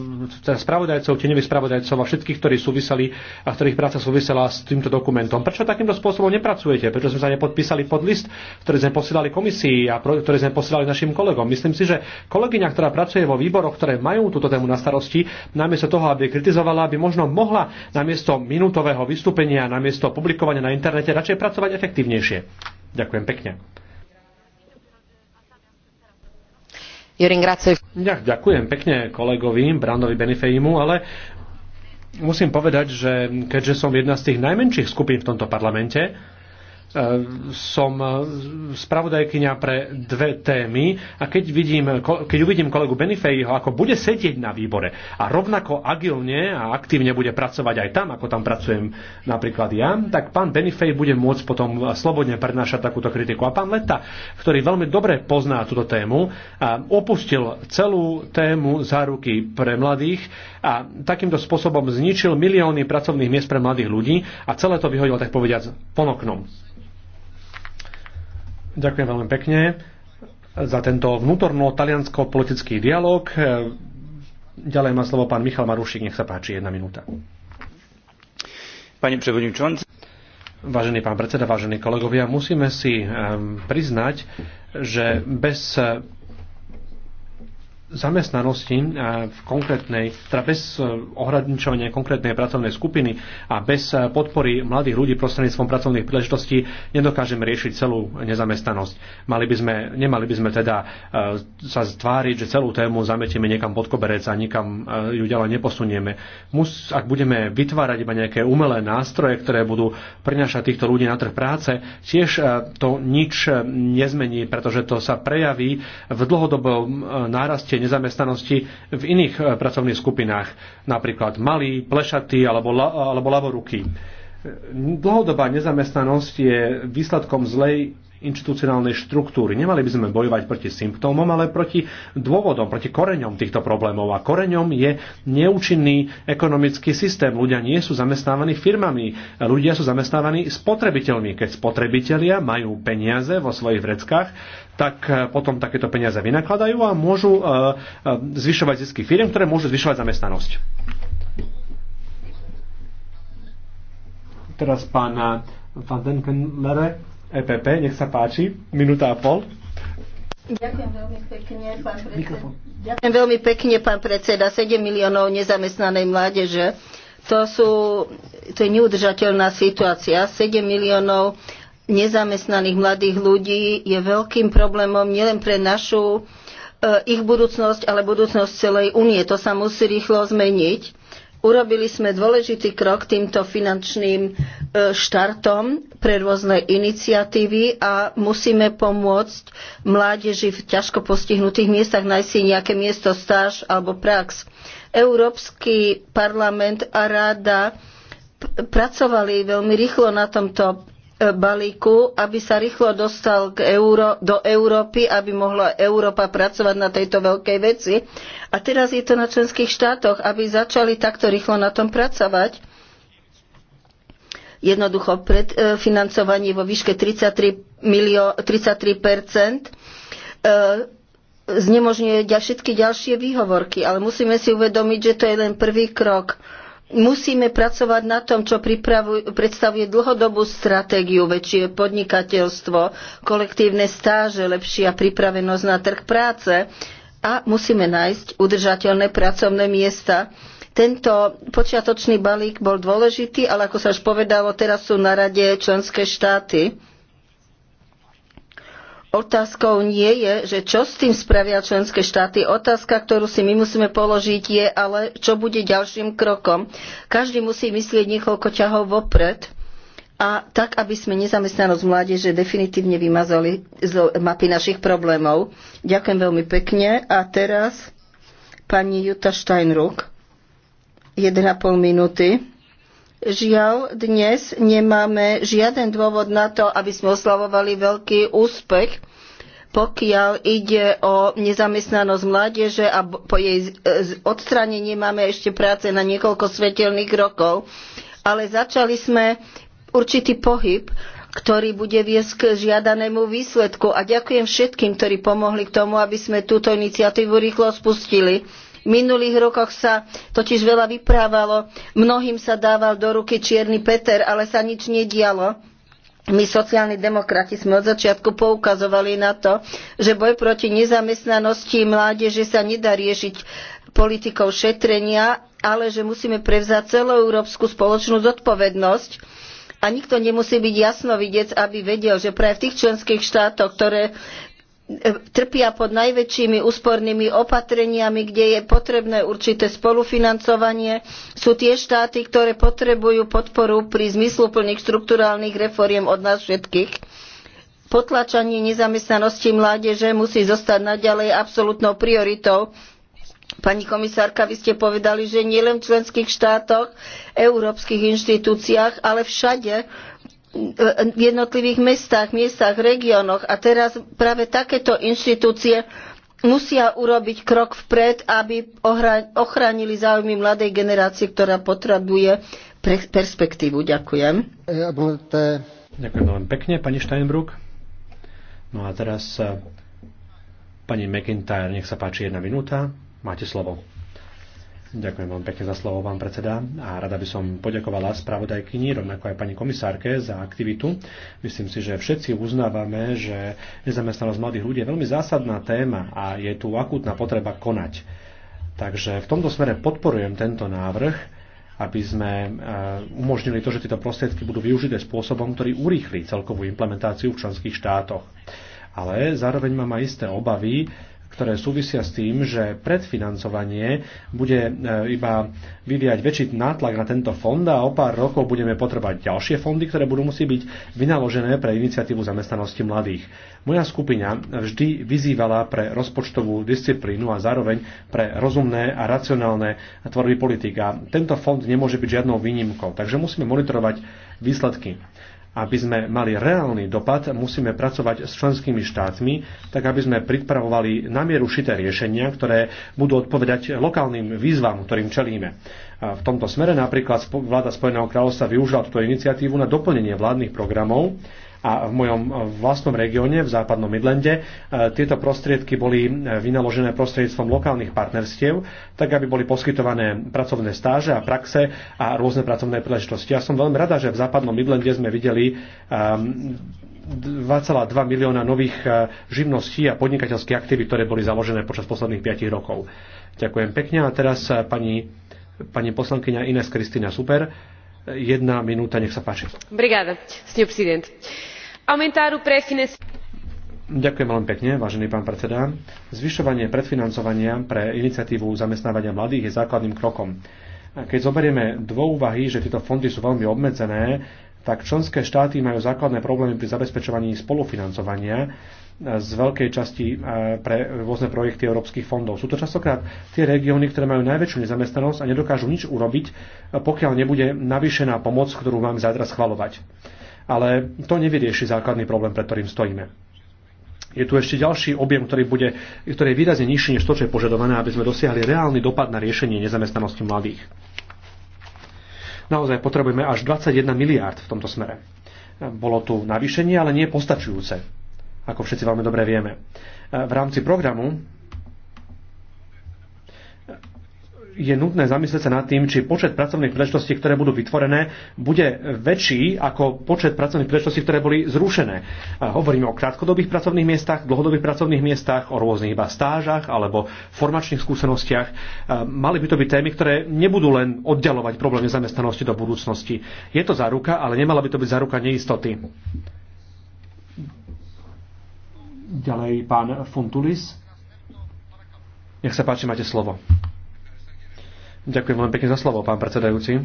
teda spravodajcov, tenevých spravodajcov a všetkých, ktorí súviseli a ktorých práca súvisela s týmto dokumentom. Prečo takýmto spôsobom nepracujete? Prečo sme sa nepodpísali pod list, ktorý sme posielali komisii a ktorý sme posielali našim kolegom? Myslím si, že kolegyňa, ktorá pracuje vo výboroch, ktoré majú túto tému na starosti, namiesto toho, aby kritizovala, by možno mohla namiesto minútového vystúpenia, namiesto publikovania na internete radšej pracovať efektívnejšie. Ďakujem pekne. Ja, ďakujem pekne kolegovi Brandovi Benifejimu, ale musím povedať, že keďže som jedna z tých najmenších skupín v tomto parlamente, Ehm, som eh, spravodajkyňa pre dve témy a keď, vidím, keď uvidím kolegu Benifejho, ako bude sedieť na výbore a rovnako agilne a aktívne bude pracovať aj tam, ako tam pracujem napríklad ja, tak pán Benifej bude môcť potom slobodne prednášať takúto kritiku. A pán Leta, ktorý veľmi dobre pozná túto tému, opustil celú tému záruky pre mladých a takýmto spôsobom zničil milióny pracovných miest pre mladých ľudí a celé to vyhodil, tak povediať, ponoknom. Ďakujem veľmi pekne za tento vnútorno-taliansko-politický dialog. Ďalej má slovo pán Michal Marušik, nech sa páči, jedna minúta. Pane prevodničonci. Vážený pán predseda, vážení kolegovia, musíme si priznať, že bez zamestnanosti eh, v konkrétnej, teda bez eh, ohradničovania konkrétnej pracovnej skupiny a bez eh, podpory mladých ľudí prostredníctvom pracovných príležitostí nedokážeme riešiť celú nezamestnanosť. Mali by sme, nemali by sme teda sa tváriť, že celú tému zametieme niekam pod koberec a nikam ju ďalej neposunieme. Mus, ak budeme vytvárať iba nejaké umelé nástroje, ktoré budú prinašať týchto ľudí na trh práce, tiež to nič nezmení, pretože to sa prejaví v dlhodobom náraste nezamestnanosti v iných eh, pracovných skupinách, napríklad malí, plešatí alebo, la, alebo lavorukí. Dlhodobá nezamestnanosť je výsledkom zlej inštitucionálnej štruktúry. Nemali by sme bojovať proti symptómom, ale proti dôvodom, proti koreňom týchto problémov. A koreňom je neúčinný ekonomický systém. Ľudia nie sú zamestnávaní firmami, ľudia sú zamestnávaní spotrebiteľmi. Keď spotrebitelia majú peniaze vo svojich vreckách, tak e, potom takéto peniaze vynakladajú a môžu e, e, zvyšovať zisky firm, ktoré môžu zvyšovať zamestnanosť. Teraz pána Van Denkenlere EPP. Nech sa páči, minúta a pol. Ďakujem veľmi pekne, pán predseda. Ďakujem veľmi pekne, pán predseda. 7 miliónov nezamestnanej mládeže. To, sú, to je neudržateľná situácia. 7 miliónov nezamestnaných mladých ľudí je veľkým problémom nielen pre našu eh, ich budúcnosť, ale budúcnosť celej únie. To sa musí rýchlo zmeniť. Urobili sme dôležitý krok týmto finančným E, štartom pre rôzne iniciatívy a musíme pomôcť mládeži v ťažko postihnutých miestach nájsť si nejaké miesto, stáž alebo prax. Európsky parlament a ráda pracovali veľmi rýchlo na tomto e, balíku, aby sa rýchlo dostal k Euró- do Európy, aby mohla Európa pracovať na tejto veľkej veci. A teraz je to na členských štátoch, aby začali takto rýchlo na tom pracovať jednoducho predfinancovanie e, vo výške 33, 33% e, znemožňuje všetky ďalšie výhovorky, ale musíme si uvedomiť, že to je len prvý krok. Musíme pracovať na tom, čo predstavuje dlhodobú stratégiu, väčšie podnikateľstvo, kolektívne stáže, lepšia pripravenosť na trh práce a musíme nájsť udržateľné pracovné miesta tento počiatočný balík bol dôležitý, ale ako sa už povedalo, teraz sú na rade členské štáty. Otázkou nie je, že čo s tým spravia členské štáty. Otázka, ktorú si my musíme položiť, je ale, čo bude ďalším krokom. Každý musí myslieť niekoľko ťahov vopred a tak, aby sme nezamestnanosť mládeže definitívne vymazali z mapy našich problémov. Ďakujem veľmi pekne. A teraz pani Juta Steinruck. 1,5 minúty. Žiaľ, dnes nemáme žiaden dôvod na to, aby sme oslavovali veľký úspech, pokiaľ ide o nezamestnanosť mládeže a po jej odstranení máme ešte práce na niekoľko svetelných rokov. Ale začali sme určitý pohyb, ktorý bude viesť k žiadanému výsledku. A ďakujem všetkým, ktorí pomohli k tomu, aby sme túto iniciatívu rýchlo spustili v minulých rokoch sa totiž veľa vyprávalo, mnohým sa dával do ruky čierny Peter, ale sa nič nedialo. My sociálni demokrati sme od začiatku poukazovali na to, že boj proti nezamestnanosti mládeže sa nedá riešiť politikou šetrenia, ale že musíme prevzať celoeurópsku spoločnú zodpovednosť a nikto nemusí byť jasnovidec, aby vedel, že práve v tých členských štátoch, ktoré trpia pod najväčšími úspornými opatreniami, kde je potrebné určité spolufinancovanie. Sú tie štáty, ktoré potrebujú podporu pri zmysluplných štrukturálnych reforiem od nás všetkých. Potlačanie nezamestnanosti mládeže musí zostať naďalej absolútnou prioritou. Pani komisárka, vy ste povedali, že nielen v členských štátoch, európskych inštitúciách, ale všade E, jednotlivých mestách, miestach, regiónoch. A teraz práve takéto inštitúcie musia urobiť krok vpred, aby ochránili záujmy mladej generácie, ktorá potrebuje perspektívu. Ďakujem. Ďakujem veľmi pekne, pani Steinbrück. No a teraz e, pani McIntyre, nech sa páči jedna minúta. Máte slovo. Ďakujem veľmi pekne za slovo, pán predseda. A rada by som poďakovala spravodajkyni, rovnako aj pani komisárke, za aktivitu. Myslím si, že všetci uznávame, že nezamestnanosť mladých ľudí je veľmi zásadná téma a je tu akútna potreba konať. Takže v tomto smere podporujem tento návrh aby sme e, umožnili to, že tieto prostriedky budú využité spôsobom, ktorý urýchli celkovú implementáciu v členských štátoch. Ale zároveň mám aj isté obavy, ktoré súvisia s tým, že predfinancovanie bude e, iba vyvíjať väčší nátlak na tento fond a o pár rokov budeme potrebať ďalšie fondy, ktoré budú musieť byť vynaložené pre iniciatívu zamestnanosti mladých. Moja skupina vždy vyzývala pre rozpočtovú disciplínu a zároveň pre rozumné a racionálne tvorby politik. A tento fond nemôže byť žiadnou výnimkou, takže musíme monitorovať výsledky aby sme mali reálny dopad, musíme pracovať s členskými štátmi, tak aby sme pripravovali na mieru šité riešenia, ktoré budú odpovedať lokálnym výzvam, ktorým čelíme. A v tomto smere napríklad vláda Spojeného kráľovstva využila túto iniciatívu na doplnenie vládnych programov, a v mojom e, vlastnom regióne, v západnom Midlande, e, tieto prostriedky boli e, vynaložené prostredníctvom lokálnych partnerstiev, tak aby boli poskytované pracovné stáže a praxe a rôzne pracovné príležitosti. Ja som veľmi rada, že v západnom Midlande sme videli 2,2 ehm, milióna nových živností a podnikateľských aktivít, ktoré boli založené počas posledných 5 rokov. Ďakujem pekne a teraz pani, pani poslankyňa Ines Kristina Super. Jedna minúta, nech sa páči. Obrigada, senhor presidente. Ďakujem veľmi pekne, vážený pán predseda. Zvyšovanie predfinancovania pre iniciatívu zamestnávania mladých je základným krokom. Keď zoberieme dvo úvahy, že tieto fondy sú veľmi obmedzené, tak členské štáty majú základné problémy pri zabezpečovaní spolufinancovania e, z veľkej časti e, pre rôzne projekty európskych fondov. Sú to častokrát tie regióny, ktoré majú najväčšiu nezamestnanosť a nedokážu nič urobiť, e, pokiaľ nebude navýšená pomoc, ktorú máme zajtra schvalovať ale to nevyrieši základný problém, pred ktorým stojíme. Je tu ešte ďalší objem, ktorý, bude, ktorý je výrazne nižší než to, čo je požadované, aby sme dosiahli reálny dopad na riešenie nezamestnanosti mladých. Naozaj potrebujeme až 21 miliárd v tomto smere. Bolo tu navýšenie, ale nie postačujúce, ako všetci veľmi dobre vieme. V rámci programu je nutné zamyslieť sa nad tým, či počet pracovných príležitostí, ktoré budú vytvorené, bude väčší ako počet pracovných príležitostí, ktoré boli zrušené. Hovoríme o krátkodobých pracovných miestach, dlhodobých pracovných miestach, o rôznych iba stážach alebo formačných skúsenostiach. Mali by to byť témy, ktoré nebudú len oddialovať problémy zamestnanosti do budúcnosti. Je to záruka, ale nemala by to byť záruka neistoty. Ďalej pán Funtulis. Nech sa páči, máte slovo. Ďakujem veľmi pekne za slovo, pán predsedajúci.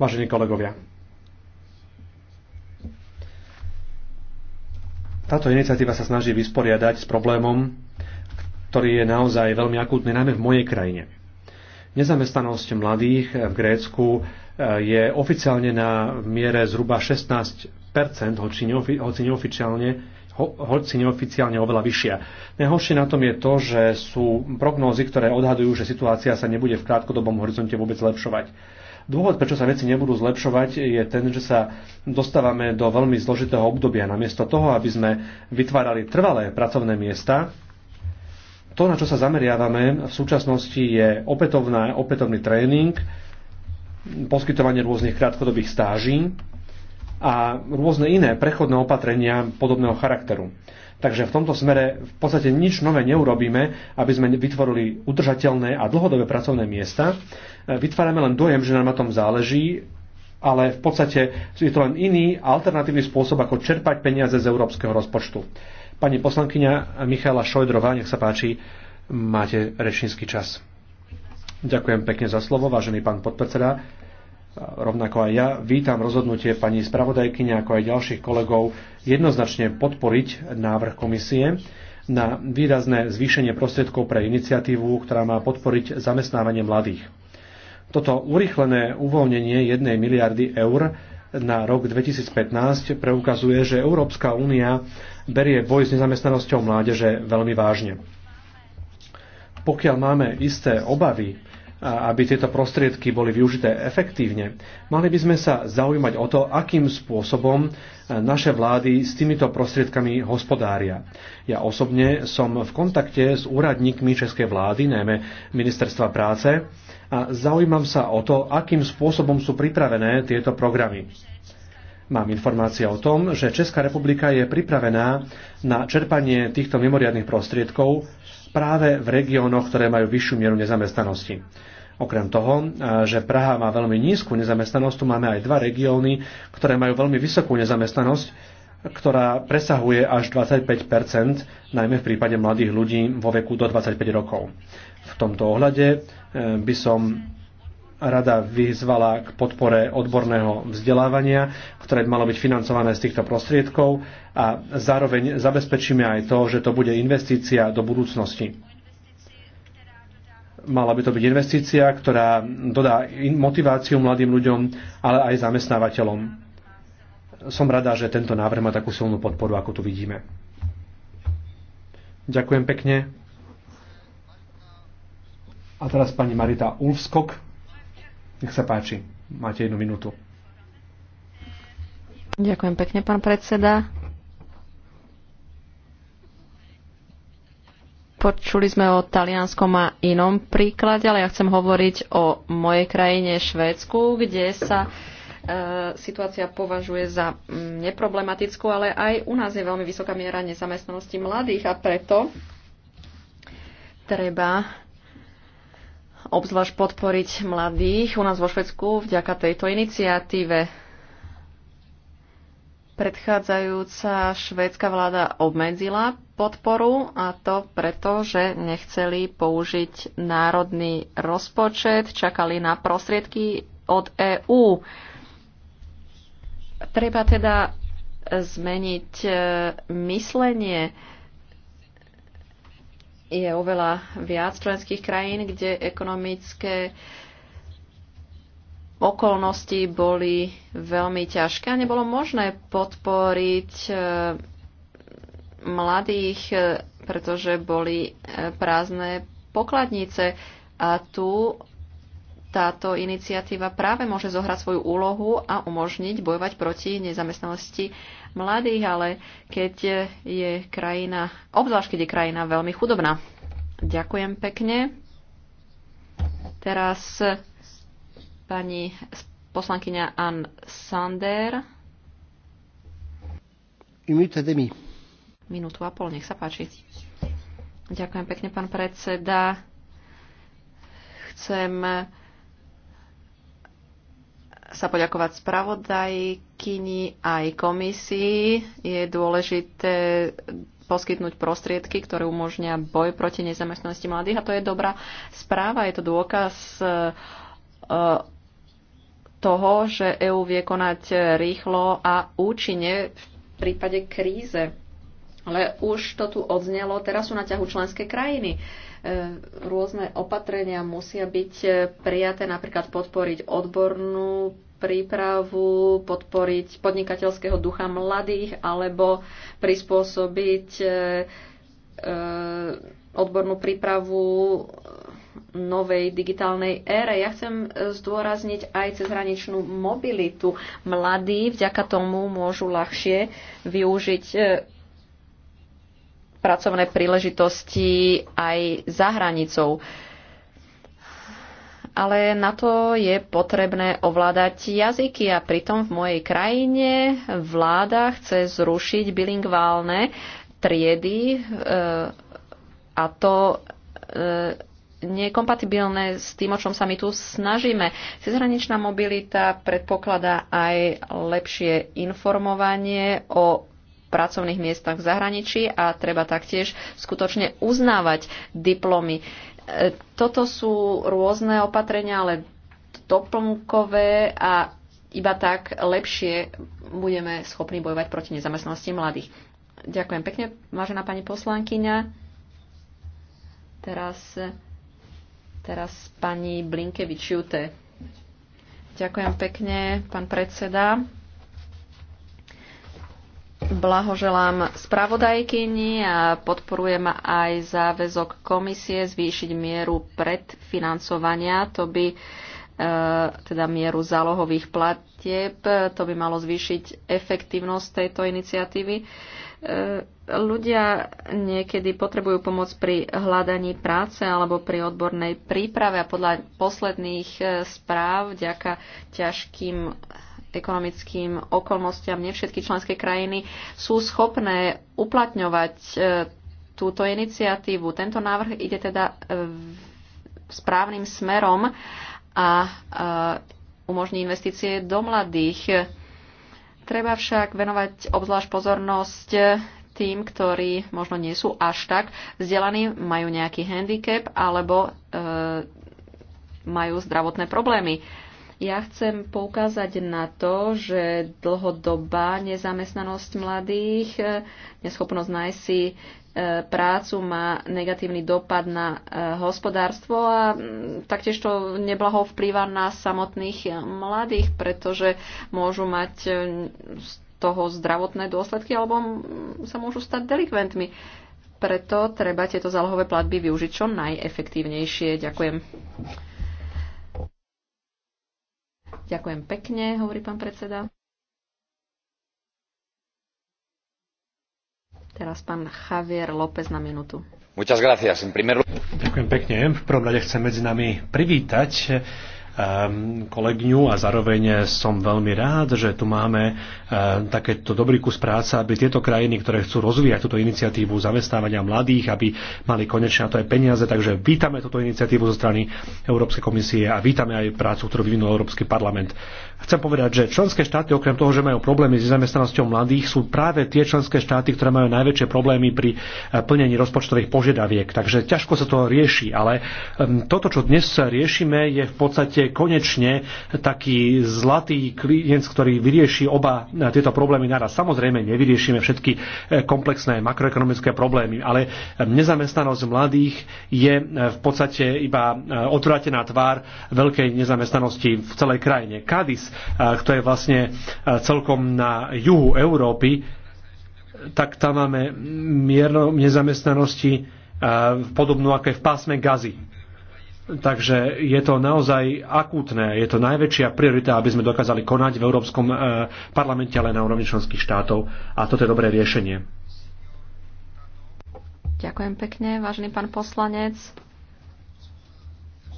Vážení kolegovia, táto iniciatíva sa snaží vysporiadať s problémom, ktorý je naozaj veľmi akútny, najmä v mojej krajine. Nezamestnanosť mladých v Grécku eh, je oficiálne na miere zhruba 16 hoci neoficiálne ho, hoci neoficiálne oveľa vyššia. Najhoršie na tom je to, že sú prognózy, ktoré odhadujú, že situácia sa nebude v krátkodobom horizonte vôbec zlepšovať. Dôvod, prečo sa veci nebudú zlepšovať, je ten, že sa dostávame do veľmi zložitého obdobia. Namiesto toho, aby sme vytvárali trvalé pracovné miesta, to, na čo sa zameriavame v súčasnosti, je opätovná, opätovný tréning, poskytovanie rôznych krátkodobých stáží, a rôzne iné prechodné opatrenia podobného charakteru. Takže v tomto smere v podstate nič nové neurobíme, aby sme vytvorili udržateľné a dlhodobé pracovné miesta. E, vytvárame len dojem, že nám na tom záleží, ale v podstate je to len iný alternatívny spôsob, ako čerpať peniaze z európskeho rozpočtu. Pani poslankyňa Michaela Šojdrová, nech sa páči, máte rečnícky čas. Ďakujem pekne za slovo, vážený pán podpredseda rovnako aj ja, vítam rozhodnutie pani spravodajkyne ako aj ďalších kolegov jednoznačne podporiť návrh komisie na výrazné zvýšenie prostriedkov pre iniciatívu, ktorá má podporiť zamestnávanie mladých. Toto urýchlené uvoľnenie 1 miliardy eur na rok 2015 preukazuje, že Európska únia berie boj s nezamestnanosťou mládeže veľmi vážne. Pokiaľ máme isté obavy, aby tieto prostriedky boli využité efektívne, mali by sme sa zaujímať o to, akým spôsobom e, naše vlády s týmito prostriedkami hospodária. Ja osobne som v kontakte s úradníkmi českej vlády, najmä Ministerstva práce, a zaujímam sa o to, akým spôsobom sú pripravené tieto programy. Mám informácie o tom, že Česká republika je pripravená na čerpanie týchto mimoriadných prostriedkov práve v regiónoch, ktoré majú vyššiu mieru nezamestnanosti. Okrem toho, e, že Praha má veľmi nízku nezamestnanosť, tu máme aj dva regióny, ktoré majú veľmi vysokú nezamestnanosť, ktorá presahuje až 25 najmä v prípade mladých ľudí vo veku do 25 rokov. V tomto ohľade e, by som rada vyzvala k podpore odborného vzdelávania, ktoré malo byť financované z týchto prostriedkov a zároveň zabezpečíme aj to, že to bude investícia do budúcnosti. Mala by to byť investícia, ktorá dodá motiváciu mladým ľuďom, ale aj zamestnávateľom. Som rada, že tento návrh má takú silnú podporu, ako tu vidíme. Ďakujem pekne. A teraz pani Marita Ulfskok. Nech sa páči. Máte jednu minútu. Ďakujem pekne, pán predseda. Počuli sme o talianskom a inom príklade, ale ja chcem hovoriť o mojej krajine Švédsku, kde sa e, situácia považuje za mm, neproblematickú, ale aj u nás je veľmi vysoká miera nezamestnanosti mladých a preto treba obzvlášť podporiť mladých u nás vo Švedsku vďaka tejto iniciatíve. Predchádzajúca švédska vláda obmedzila podporu a to preto, že nechceli použiť národný rozpočet, čakali na prostriedky od EÚ. Treba teda zmeniť e, myslenie. Je oveľa viac členských krajín, kde ekonomické okolnosti boli veľmi ťažké a nebolo možné podporiť e, mladých, e, pretože boli e, prázdne pokladnice. A tu táto iniciatíva práve môže zohrať svoju úlohu a umožniť bojovať proti nezamestnanosti mladých, ale keď je krajina, obzvlášť keď je krajina veľmi chudobná. Ďakujem pekne. Teraz pani poslankyňa Ann Sander minútu a pol. Nech sa páči. Ďakujem pekne, pán predseda. Chcem sa poďakovať spravodajkyni aj komisii. Je dôležité poskytnúť prostriedky, ktoré umožnia boj proti nezamestnanosti mladých. A to je dobrá správa, je to dôkaz e, e, toho, že EÚ vie konať rýchlo a účinne v prípade kríze. Ale už to tu odznelo, teraz sú na ťahu členské krajiny. E, rôzne opatrenia musia byť e, prijaté, napríklad podporiť odbornú prípravu, podporiť podnikateľského ducha mladých alebo prispôsobiť e, odbornú prípravu novej digitálnej ére. Ja chcem zdôrazniť aj cezhraničnú mobilitu. Mladí vďaka tomu môžu ľahšie využiť pracovné príležitosti aj za hranicou. Ale na to je potrebné ovládať jazyky a pritom v mojej krajine vláda chce zrušiť bilingválne triedy e, a to e, nekompatibilné s tým, o čom sa my tu snažíme. Cezhraničná mobilita predpokladá aj lepšie informovanie o pracovných miestach v zahraničí a treba taktiež skutočne uznávať diplomy. E, toto sú rôzne opatrenia, ale doplnkové a iba tak lepšie budeme schopní bojovať proti nezamestnanosti mladých. Ďakujem pekne, vážená pani poslankyňa. Teraz, teraz pani Blinkevičiute. Ďakujem pekne, pán predseda. Blahoželám spravodajkyni a podporujem aj záväzok komisie zvýšiť mieru predfinancovania. To by e, teda mieru zálohových platieb. To by malo zvýšiť efektívnosť tejto iniciatívy. E, ľudia niekedy potrebujú pomoc pri hľadaní práce alebo pri odbornej príprave a podľa posledných e, správ, vďaka ťažkým ekonomickým okolnostiam. ne všetky členské krajiny sú schopné uplatňovať e, túto iniciatívu. Tento návrh ide teda e, správnym smerom a e, umožní investície do mladých. Treba však venovať obzvlášť pozornosť tým, ktorí možno nie sú až tak vzdelaní, majú nejaký handicap alebo e, majú zdravotné problémy. E, ja chcem poukázať na to, že dlhodobá nezamestnanosť mladých, e, neschopnosť nájsť si e, prácu má negatívny dopad na e, hospodárstvo a taktiež to neblaho vplýva na samotných mladých, pretože môžu mať z toho zdravotné dôsledky alebo sa môžu stať delikventmi. Preto treba tieto zálohové platby využiť čo najefektívnejšie. Ďakujem. Ďakujem pekne, hovorí pán predseda. Teraz pán Javier López na minútu. Muchas gracias. En primer... Ďakujem pekne. V prvom rade chcem medzi nami privítať Ehm, kolegyňu a zároveň som veľmi rád, že tu máme ehm, takéto dobrý kus práce, aby tieto krajiny, ktoré chcú rozvíjať túto iniciatívu zamestnávania mladých, aby mali konečne na to aj peniaze. Takže vítame túto iniciatívu zo strany Európskej komisie a vítame aj prácu, ktorú vyvinul Európsky parlament. Chcem povedať, že členské štáty, okrem toho, že majú problémy s nezamestnanosťou mladých, sú práve tie členské štáty, ktoré majú najväčšie problémy pri eh, plnení rozpočtových požiadaviek. Takže ťažko sa to rieši, ale ehm, toto, čo dnes riešime, je v podstate konečne taký zlatý klient, ktorý vyrieši oba eh, tieto problémy naraz. Samozrejme, nevyriešime všetky eh, komplexné makroekonomické problémy, ale ehm, nezamestnanosť mladých je v podstate iba odvratená tvár veľkej nezamestnanosti v celej krajine. Kadis to je vlastne celkom na juhu Európy, tak tam máme mierno nezamestnanosti podobnú, ako je v pásme gazy. Takže je to naozaj akútne, je to najväčšia priorita, aby sme dokázali konať v Európskom e, parlamente, ale na úrovni členských štátov. A toto je dobré riešenie. Ďakujem pekne, vážený pán poslanec.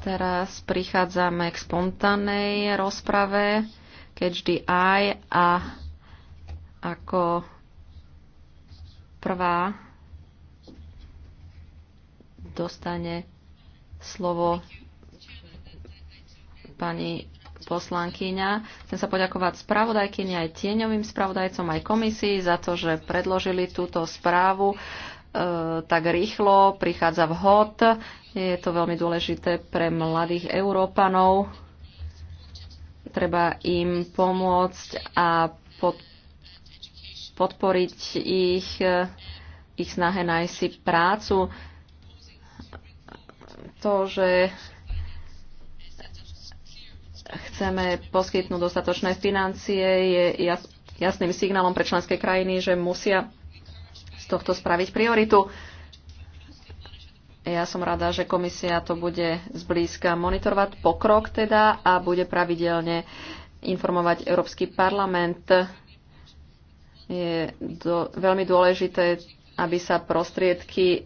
Teraz prichádzame k spontánnej rozprave, keď vždy aj a ako prvá dostane slovo pani poslankyňa. Chcem sa poďakovať spravodajkyni aj tieňovým spravodajcom, aj komisii za to, že predložili túto správu E, tak rýchlo, prichádza vhod. Je to veľmi dôležité pre mladých Európanov. Treba im pomôcť a podporiť ich, ich snahe nájsť si prácu. To, že chceme poskytnúť dostatočné financie, je jasným signálom pre členské krajiny, že musia tohto spraviť prioritu. Ja som rada, že komisia to bude zblízka monitorovať pokrok teda a bude pravidelne informovať Európsky parlament. Je do, veľmi dôležité, aby sa prostriedky e,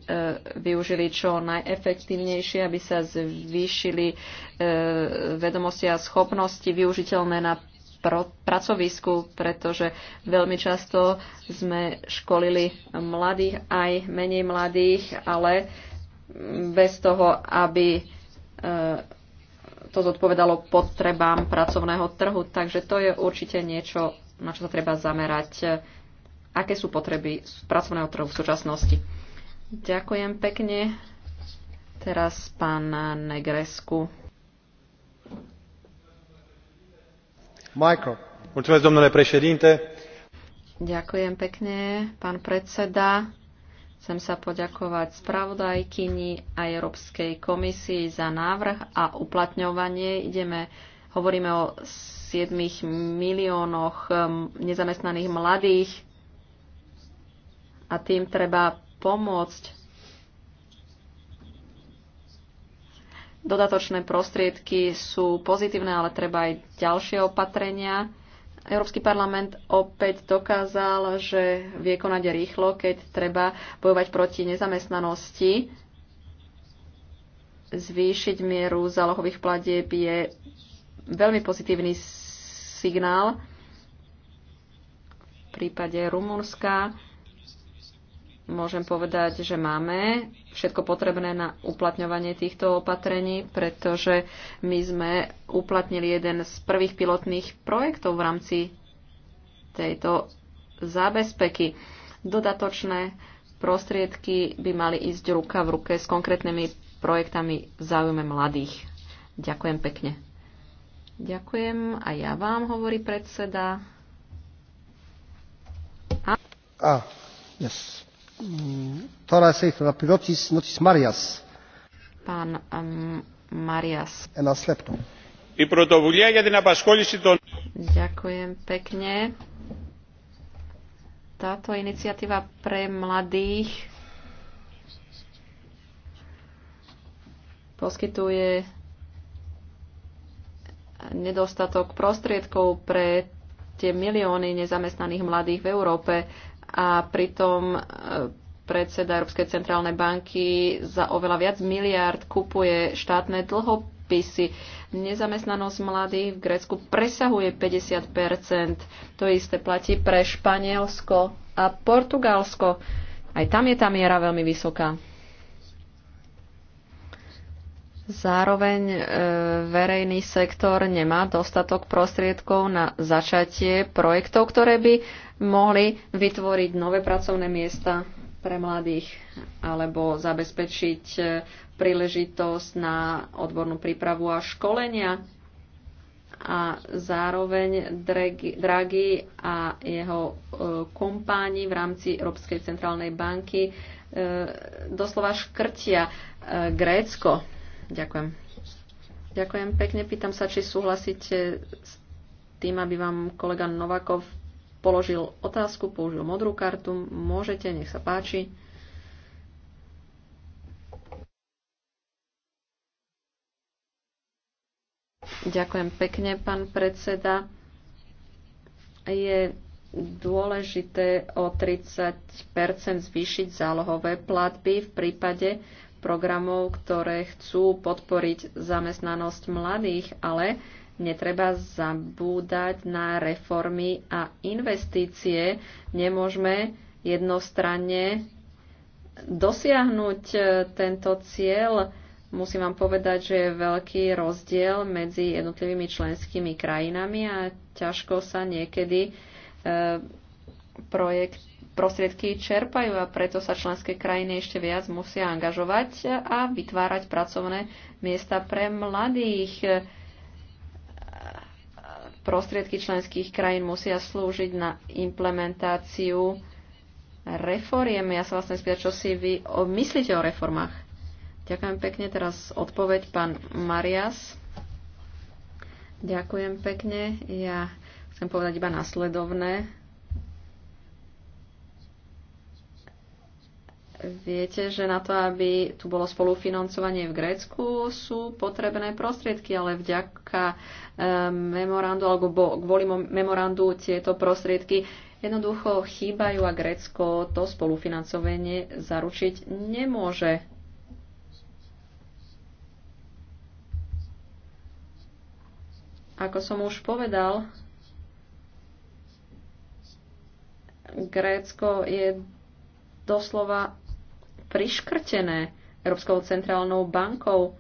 využili čo najefektívnejšie, aby sa zvýšili e, vedomosti a schopnosti využiteľné na pro, pracovisku, pretože veľmi často sme školili mladých aj menej mladých, ale bez toho, aby e, to zodpovedalo potrebám pracovného trhu. Takže to je určite niečo, na čo sa treba zamerať, e, aké sú potreby pracovného trhu v súčasnosti. Ďakujem pekne. Teraz pán Negresku. ďakujem pekne pán predseda chcem sa poďakovať spravodajkyni a európskej komisii za návrh a uplatňovanie ideme hovoríme o 7 miliónoch um, nezamestnaných mladých a tým treba pomôcť Dodatočné prostriedky sú pozitívne, ale treba aj ďalšie opatrenia. Európsky parlament opäť dokázal, že vie konať rýchlo, keď treba bojovať proti nezamestnanosti. Zvýšiť mieru zálohových platieb je veľmi pozitívny signál. V prípade Rumunska môžem povedať, že máme všetko potrebné na uplatňovanie týchto opatrení, pretože my sme uplatnili jeden z prvých pilotných projektov v rámci tejto zábezpeky. Dodatočné prostriedky by mali ísť ruka v ruke s konkrétnymi projektami v záujme mladých. Ďakujem pekne. Ďakujem a ja vám, hovorí predseda. A... Ah, yes. Pán Marias. Ďakujem pekne. Táto iniciatíva pre mladých poskytuje nedostatok prostriedkov pre tie milióny nezamestnaných mladých v Európe a pritom e, predseda Európskej centrálnej banky za oveľa viac miliárd kupuje štátne dlhopisy. Nezamestnanosť mladých v Grécku presahuje 50 To isté platí pre Španielsko a Portugalsko. Aj tam je tá miera veľmi vysoká. Zároveň e, verejný sektor nemá dostatok prostriedkov na začatie projektov, ktoré by mohli vytvoriť nové pracovné miesta pre mladých alebo zabezpečiť e, príležitosť na odbornú prípravu a školenia. A zároveň Draghi a jeho e, kompáni v rámci Európskej centrálnej banky doslova škrtia Grécko Ďakujem. Ďakujem pekne. Pýtam sa, či súhlasíte s tým, aby vám kolega Novakov položil otázku, použil modrú kartu. Môžete, nech sa páči. Ďakujem pekne, pán predseda. Je dôležité o 30 zvýšiť zálohové platby v prípade, programov, ktoré chcú podporiť zamestnanosť mladých, ale netreba zabúdať na reformy a investície. Nemôžeme jednostranne dosiahnuť e, tento cieľ. Musím vám povedať, že je veľký rozdiel medzi jednotlivými členskými krajinami a ťažko sa niekedy e, projekt prostriedky čerpajú a preto sa členské krajiny ešte viac musia angažovať a vytvárať pracovné miesta pre mladých. Prostriedky členských krajín musia slúžiť na implementáciu reforiem. Ja sa vlastne spýtam, čo si vy myslíte o reformách. Ďakujem pekne. Teraz odpoveď pán Marias. Ďakujem pekne. Ja chcem povedať iba nasledovné Viete, že na to, aby tu bolo spolufinancovanie v Grécku, sú potrebné prostriedky, ale vďaka eh, memorandu, alebo kvôli memorandu tieto prostriedky jednoducho chýbajú a Grécko to spolufinancovanie zaručiť nemôže. Ako som už povedal, Grécko je doslova priškrtené Európskou centrálnou bankou.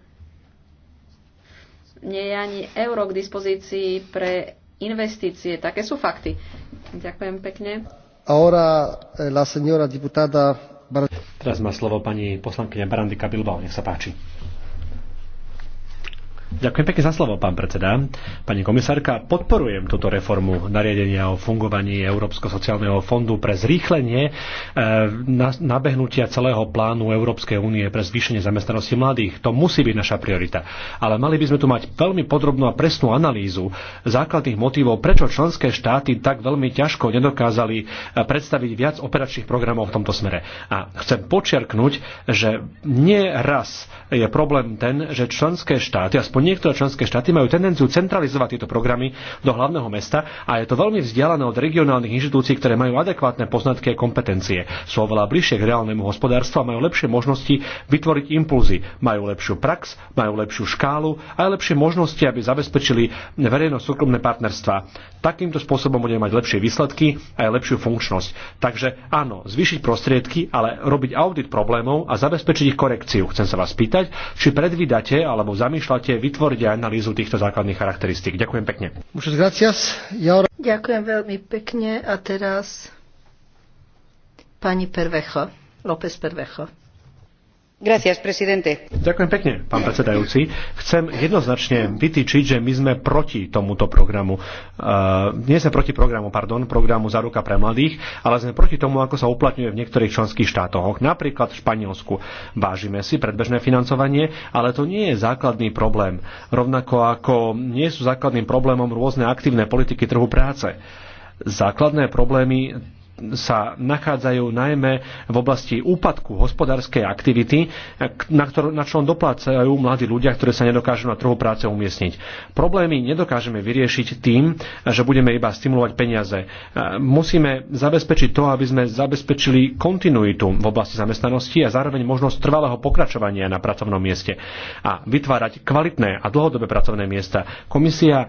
Nie je ani euro k dispozícii pre investície. Také sú fakty. Ďakujem pekne. Ahora eh, la señora diputada... Teraz má slovo pani poslankyňa Barandika Bilbao. Nech sa páči. Ďakujem pekne za slovo, pán predseda. Pani komisárka, podporujem túto reformu nariadenia o fungovaní Európsko sociálneho fondu pre zrýchlenie eh, nabehnutia celého plánu Európskej únie pre zvýšenie zamestnanosti mladých. To musí byť naša priorita. Ale mali by sme tu mať veľmi podrobnú a presnú analýzu základných motivov, prečo členské štáty tak veľmi ťažko nedokázali eh, predstaviť viac operačných programov v tomto smere. A chcem počiarknúť, že nie raz je problém ten, že členské štáty, aspoň niektoré členské štáty majú tendenciu centralizovať tieto programy do hlavného mesta a je to veľmi vzdialené od regionálnych inštitúcií, ktoré majú adekvátne poznatky a kompetencie. Sú oveľa bližšie k reálnemu hospodárstvu a majú lepšie možnosti vytvoriť impulzy, majú lepšiu prax, majú lepšiu škálu a aj lepšie možnosti, aby zabezpečili verejno-súkromné partnerstva. Takýmto spôsobom budeme mať lepšie výsledky a aj lepšiu funkčnosť. Takže áno, zvýšiť prostriedky, ale robiť audit problémov a zabezpečiť ich korekciu. Chcem sa vás pýtať, či predvídate alebo zamýšľate vytvoriť vytvoriť aj analýzu týchto základných charakteristík. Ďakujem pekne. Ďakujem veľmi pekne a teraz pani Pervecho, López Pervecho. Ďakujem pekne, pán predsedajúci. Chcem jednoznačne vytýčiť, že my sme proti tomuto programu. Uh, nie sme proti programu, pardon, programu Zaruka pre mladých, ale sme proti tomu, ako sa uplatňuje v niektorých členských štátoch, napríklad v Španielsku. Vážime si predbežné financovanie, ale to nie je základný problém. Rovnako ako nie sú základným problémom rôzne aktívne politiky trhu práce. Základné problémy sa nachádzajú najmä v oblasti úpadku hospodárskej aktivity, na, ktor- na čo doplácajú mladí ľudia, ktorí sa nedokážu na trhu práce umiestniť. Problémy nedokážeme vyriešiť tým, že budeme iba stimulovať peniaze. E, musíme zabezpečiť to, aby sme zabezpečili kontinuitu v oblasti zamestnanosti a zároveň možnosť trvalého pokračovania na pracovnom mieste a vytvárať kvalitné a dlhodobé pracovné miesta. Komisia e,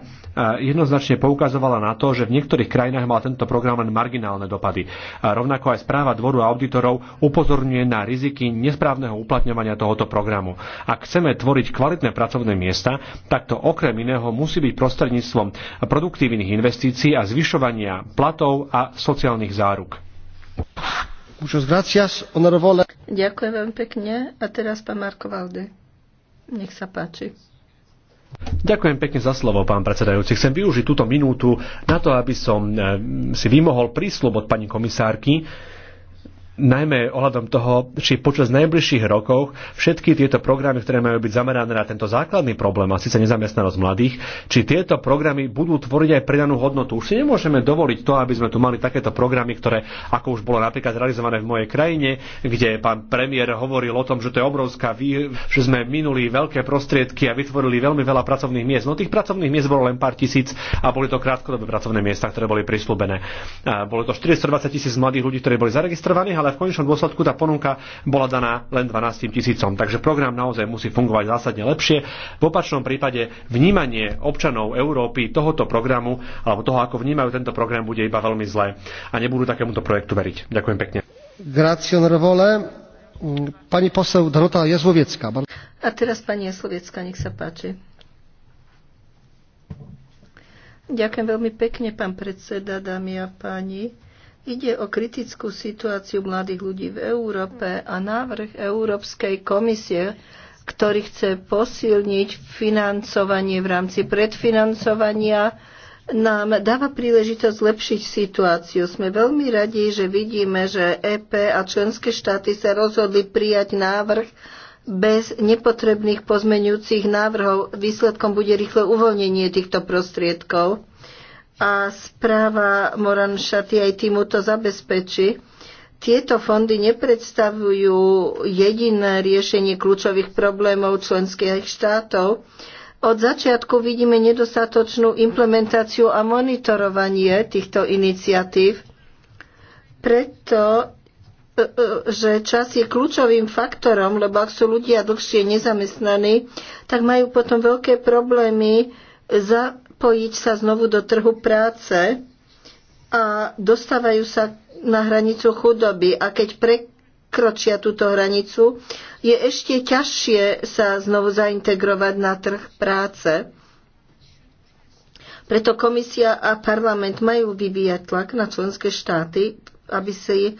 jednoznačne poukazovala na to, že v niektorých krajinách mal tento program len marginálne dopady správy. A rovnako aj správa dvoru auditorov upozorňuje na riziky nesprávneho uplatňovania tohoto programu. Ak chceme tvoriť kvalitné pracovné miesta, tak to okrem iného musí byť prostredníctvom produktívnych investícií a zvyšovania platov a sociálnych záruk. Ďakujem veľmi pekne. A teraz pán Marko Valde. Nech sa páči. Ďakujem pekne za slovo, pán predsedajúci. Chcem využiť túto minútu na to, aby som eh, si vymohol prísľub od pani komisárky, najmä ohľadom toho, či počas najbližších rokov všetky tieto programy, ktoré majú byť zamerané na tento základný problém, a síce nezamestnanosť mladých, či tieto programy budú tvoriť aj pridanú hodnotu. Už si nemôžeme dovoliť to, aby sme tu mali takéto programy, ktoré, ako už bolo napríklad realizované v mojej krajine, kde pán premiér hovoril o tom, že to je obrovská vý... že sme minuli veľké prostriedky a vytvorili veľmi veľa pracovných miest. No tých pracovných miest bolo len pár tisíc a boli to krátkodobé pracovné miesta, ktoré boli prislúbené. Bolo to 420 tisíc mladých ľudí, ktorí boli zaregistrovaní, ale ale v konečnom dôsledku tá ponuka bola daná len 12 tisícom. Takže program naozaj musí fungovať zásadne lepšie. V opačnom prípade vnímanie občanov Európy tohoto programu alebo toho, ako vnímajú tento program, bude iba veľmi zlé a nebudú takémuto projektu veriť. Ďakujem pekne. Grazie, Pani poseł Danuta Jezłowiecka. A teraz pani Jezłowiecka, nech sa páči. Ďakujem veľmi pekne, pán predseda, dámy a páni. Ide o kritickú situáciu mladých ľudí v Európe a návrh Európskej komisie, ktorý chce posilniť financovanie v rámci predfinancovania, nám dáva príležitosť zlepšiť situáciu. Sme veľmi radi, že vidíme, že EP a členské štáty sa rozhodli prijať návrh bez nepotrebných pozmenujúcich návrhov. Výsledkom bude rýchle uvoľnenie týchto prostriedkov a správa Moran Šaty aj týmu to zabezpečí. Tieto fondy nepredstavujú jediné riešenie kľúčových problémov členských štátov. Od začiatku vidíme nedostatočnú implementáciu a monitorovanie týchto iniciatív, preto e, e, že čas je kľúčovým faktorom, lebo ak sú ľudia dlhšie nezamestnaní, tak majú potom veľké problémy za, zapojiť sa znovu do trhu práce a dostávajú sa na hranicu chudoby. A keď prekročia túto hranicu, je ešte ťažšie sa znovu zaintegrovať na trh práce. Preto komisia a parlament majú vyvíjať tlak na členské štáty, aby si...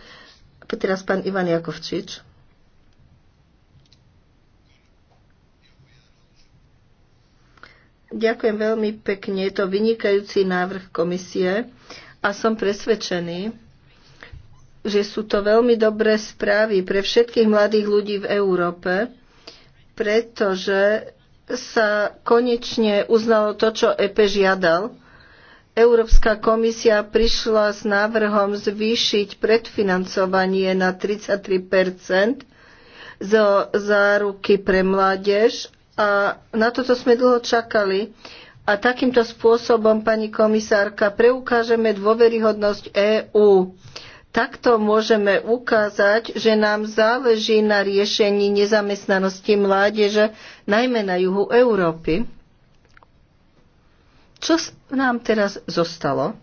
Teraz pán Ivan Jakovčič. Ďakujem veľmi pekne. Je to vynikajúci návrh komisie a som presvedčený, že sú to veľmi dobré správy pre všetkých mladých ľudí v Európe, pretože sa konečne uznalo to, čo EP žiadal. Európska komisia prišla s návrhom zvýšiť predfinancovanie na 33 zo záruky pre mládež a na toto sme dlho čakali. A takýmto spôsobom, pani komisárka, preukážeme dôveryhodnosť EÚ. Takto môžeme ukázať, že nám záleží na riešení nezamestnanosti mládeže, najmä na juhu Európy. Čo nám teraz zostalo?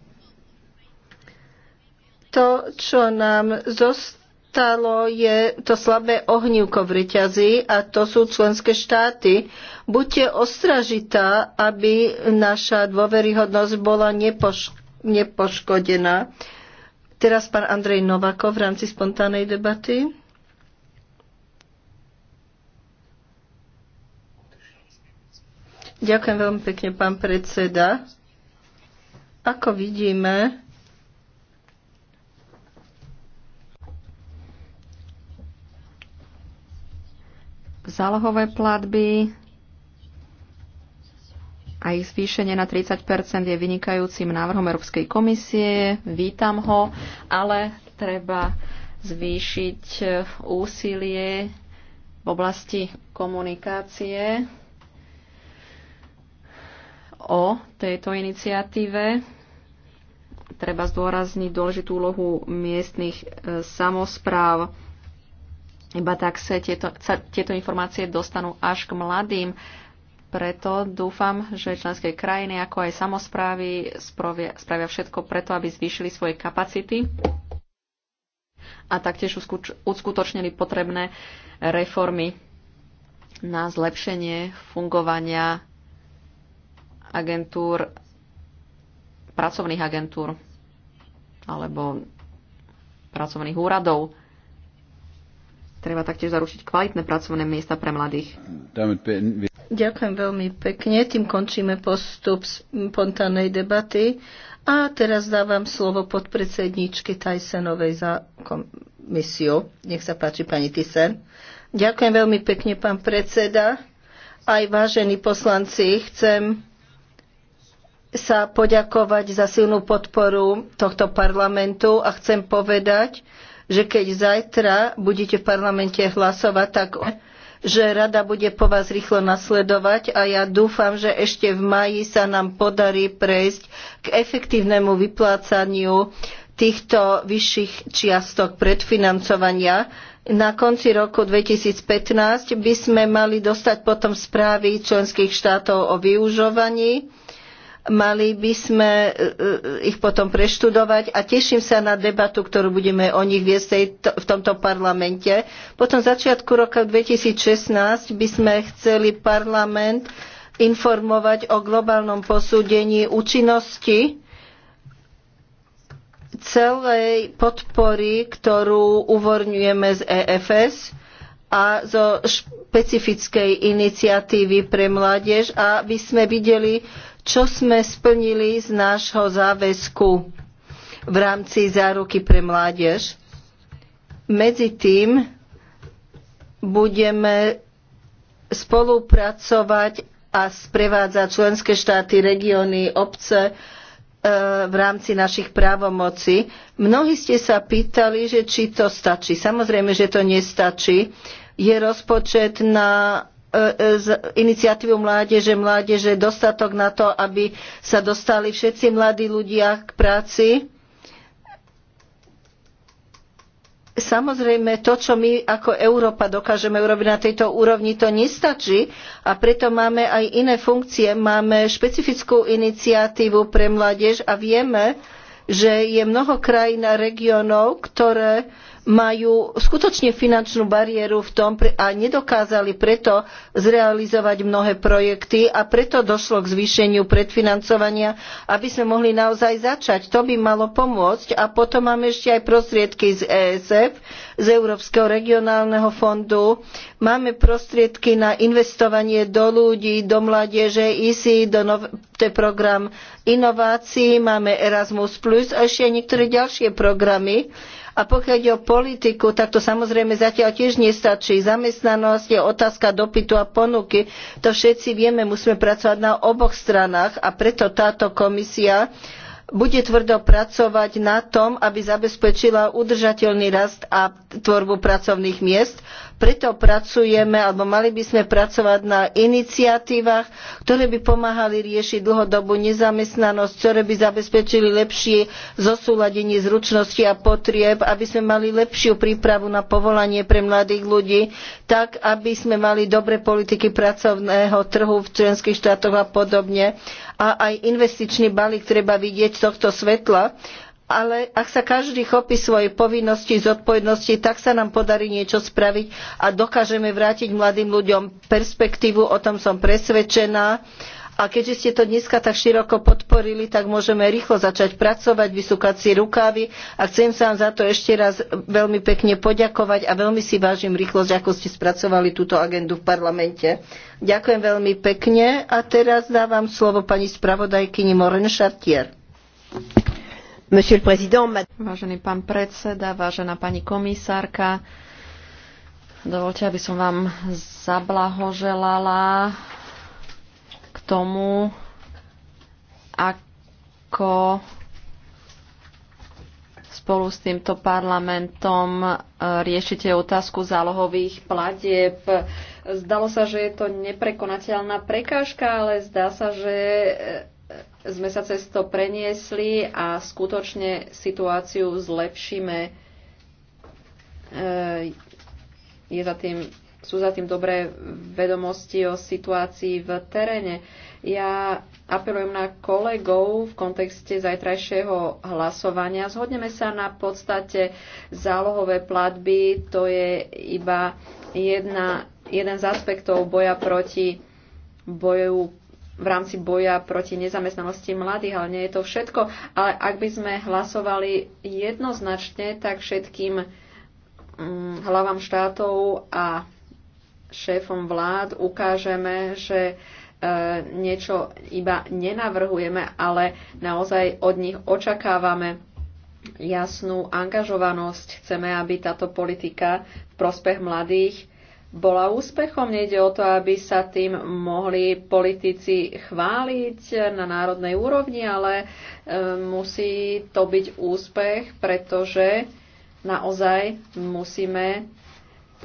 To, čo nám zostalo, ostalo je to slabé ohnívko v reťazi a to sú členské štáty. Buďte ostražitá, aby naša dôveryhodnosť bola nepoš- nepoškodená. Teraz pán Andrej Novako v rámci spontánej debaty. Ďakujem veľmi pekne, pán predseda. Ako vidíme, zálohové platby a ich zvýšenie na 30 je vynikajúcim návrhom Európskej komisie. Vítam ho, ale treba zvýšiť úsilie v oblasti komunikácie o tejto iniciatíve. Treba zdôrazniť dôležitú úlohu miestnych e, samozpráv iba tak sa tieto, sa tieto informácie dostanú až k mladým. Preto dúfam, že členské krajiny, ako aj samozprávy, spravia, spravia všetko preto, aby zvýšili svoje kapacity a taktiež uskutočnili potrebné reformy na zlepšenie fungovania agentúr, pracovných agentúr alebo pracovných úradov. Treba taktiež zaručiť kvalitné pracovné miesta pre mladých. Ďakujem veľmi pekne. Tým končíme postup spontánnej debaty. A teraz dávam slovo podpredsedničke Tajsenovej za komisiu. Nech sa páči, pani Tysen. Ďakujem veľmi pekne, pán predseda. Aj vážení poslanci, chcem sa poďakovať za silnú podporu tohto parlamentu a chcem povedať, že keď zajtra budete v parlamente hlasovať, tak že rada bude po vás rýchlo nasledovať a ja dúfam, že ešte v maji sa nám podarí prejsť k efektívnemu vyplácaniu týchto vyšších čiastok predfinancovania. Na konci roku 2015 by sme mali dostať potom správy členských štátov o využovaní Mali by sme e, e, ich potom preštudovať a teším sa na debatu, ktorú budeme o nich viesť v tomto parlamente. Potom začiatku roka 2016 by sme chceli parlament informovať o globálnom posúdení účinnosti celej podpory, ktorú uvorňujeme z EFS a zo špecifickej iniciatívy pre mládež, aby sme videli, čo sme splnili z nášho záväzku v rámci záruky pre mládež. Medzi tým budeme spolupracovať a sprevádzať členské štáty, regióny, obce e, v rámci našich právomocí. Mnohí ste sa pýtali, že či to stačí. Samozrejme, že to nestačí. Je rozpočet na s e, e, iniciatívou mládeže, mládeže dostatok na to, aby sa dostali všetci mladí ľudia k práci. Samozrejme, to, čo my ako Európa dokážeme urobiť na tejto úrovni, to nestačí a preto máme aj iné funkcie. Máme špecifickú iniciatívu pre mládež a vieme, že je mnoho krajín a regiónov, ktoré majú skutočne finančnú bariéru v tom a nedokázali preto zrealizovať mnohé projekty a preto došlo k zvýšeniu predfinancovania, aby sme mohli naozaj začať. To by malo pomôcť a potom máme ešte aj prostriedky z ESF, z Európskeho regionálneho fondu. Máme prostriedky na investovanie do ľudí, do mládeže, ISI, do nov- to je program inovácií, máme Erasmus+, a ešte aj niektoré ďalšie programy a pokiaľ ide o politiku, tak to samozrejme zatiaľ tiež nestačí. Zamestnanosť je otázka dopytu a ponuky. To všetci vieme, musíme pracovať na oboch stranách a preto táto komisia bude tvrdo pracovať na tom, aby zabezpečila udržateľný rast a tvorbu pracovných miest. Preto pracujeme, alebo mali by sme pracovať na iniciatívach, ktoré by pomáhali riešiť dlhodobú nezamestnanosť, ktoré by zabezpečili lepšie zosúladenie zručnosti a potrieb, aby sme mali lepšiu prípravu na povolanie pre mladých ľudí, tak aby sme mali dobre politiky pracovného trhu v členských štátoch a podobne a aj investičný balík treba vidieť z tohto svetla. Ale ak sa každý chopí svojej povinnosti, zodpovednosti, tak sa nám podarí niečo spraviť a dokážeme vrátiť mladým ľuďom perspektívu, o tom som presvedčená a keďže ste to dneska tak široko podporili, tak môžeme rýchlo začať pracovať, vysúkať si rukávy a chcem sa vám za to ešte raz veľmi pekne poďakovať a veľmi si vážim rýchlosť, ako ste spracovali túto agendu v parlamente. Ďakujem veľmi pekne a teraz dávam slovo pani spravodajkyni Moren Chartier. Vážený pán predseda, vážená pani komisárka, dovolte, aby som vám zablahoželala tomu, ako spolu s týmto parlamentom e, riešite otázku zálohových platieb. Zdalo sa, že je to neprekonateľná prekážka, ale zdá sa, že e, sme sa cez to preniesli a skutočne situáciu zlepšíme. E, je za tým sú za tým dobré vedomosti o situácii v teréne. Ja apelujem na kolegov v kontexte zajtrajšieho hlasovania. Zhodneme sa na podstate zálohové platby. To je iba jedna, jeden z aspektov boja proti boju v rámci boja proti nezamestnanosti mladých, ale nie je to všetko. Ale ak by sme hlasovali jednoznačne, tak všetkým mm, hlavám štátov a šéfom vlád ukážeme, že e, niečo iba nenavrhujeme, ale naozaj od nich očakávame jasnú angažovanosť. Chceme, aby táto politika v prospech mladých bola úspechom. Nejde o to, aby sa tým mohli politici chváliť na národnej úrovni, ale e, musí to byť úspech, pretože naozaj musíme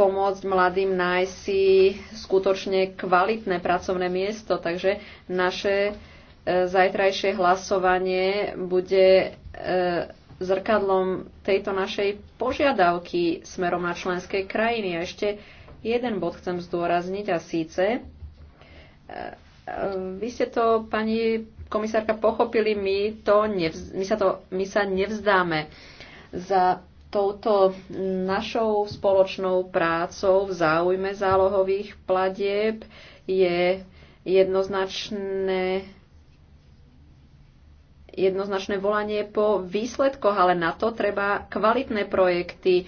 pomôcť mladým nájsť si skutočne kvalitné pracovné miesto. Takže naše e, zajtrajšie hlasovanie bude e, zrkadlom tejto našej požiadavky smerom na členské krajiny. A ešte jeden bod chcem zdôrazniť a síce, e, vy ste to, pani komisárka, pochopili, my, to nevz, my, sa, to, my sa nevzdáme. Za touto našou spoločnou prácou v záujme zálohových platieb je jednoznačné jednoznačné volanie po výsledkoch, ale na to treba kvalitné projekty,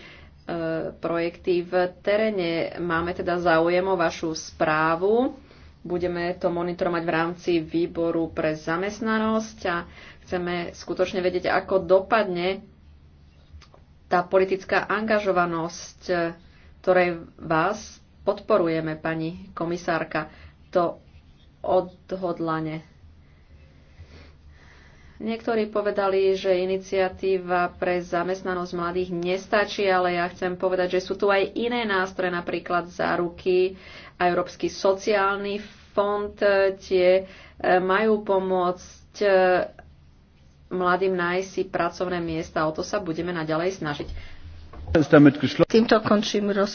e, projekty v teréne. Máme teda záujem o vašu správu. Budeme to monitorovať v rámci výboru pre zamestnanosť a chceme skutočne vedieť, ako dopadne tá politická angažovanosť, e, ktorej vás podporujeme, pani komisárka, to odhodlane. Niektorí povedali, že iniciatíva pre zamestnanosť mladých nestačí, ale ja chcem povedať, že sú tu aj iné nástroje, napríklad záruky a Európsky sociálny fond. E, tie e, majú pomôcť mladým nájsť si pracovné miesta. O to sa budeme naďalej snažiť. Týmto končím roz...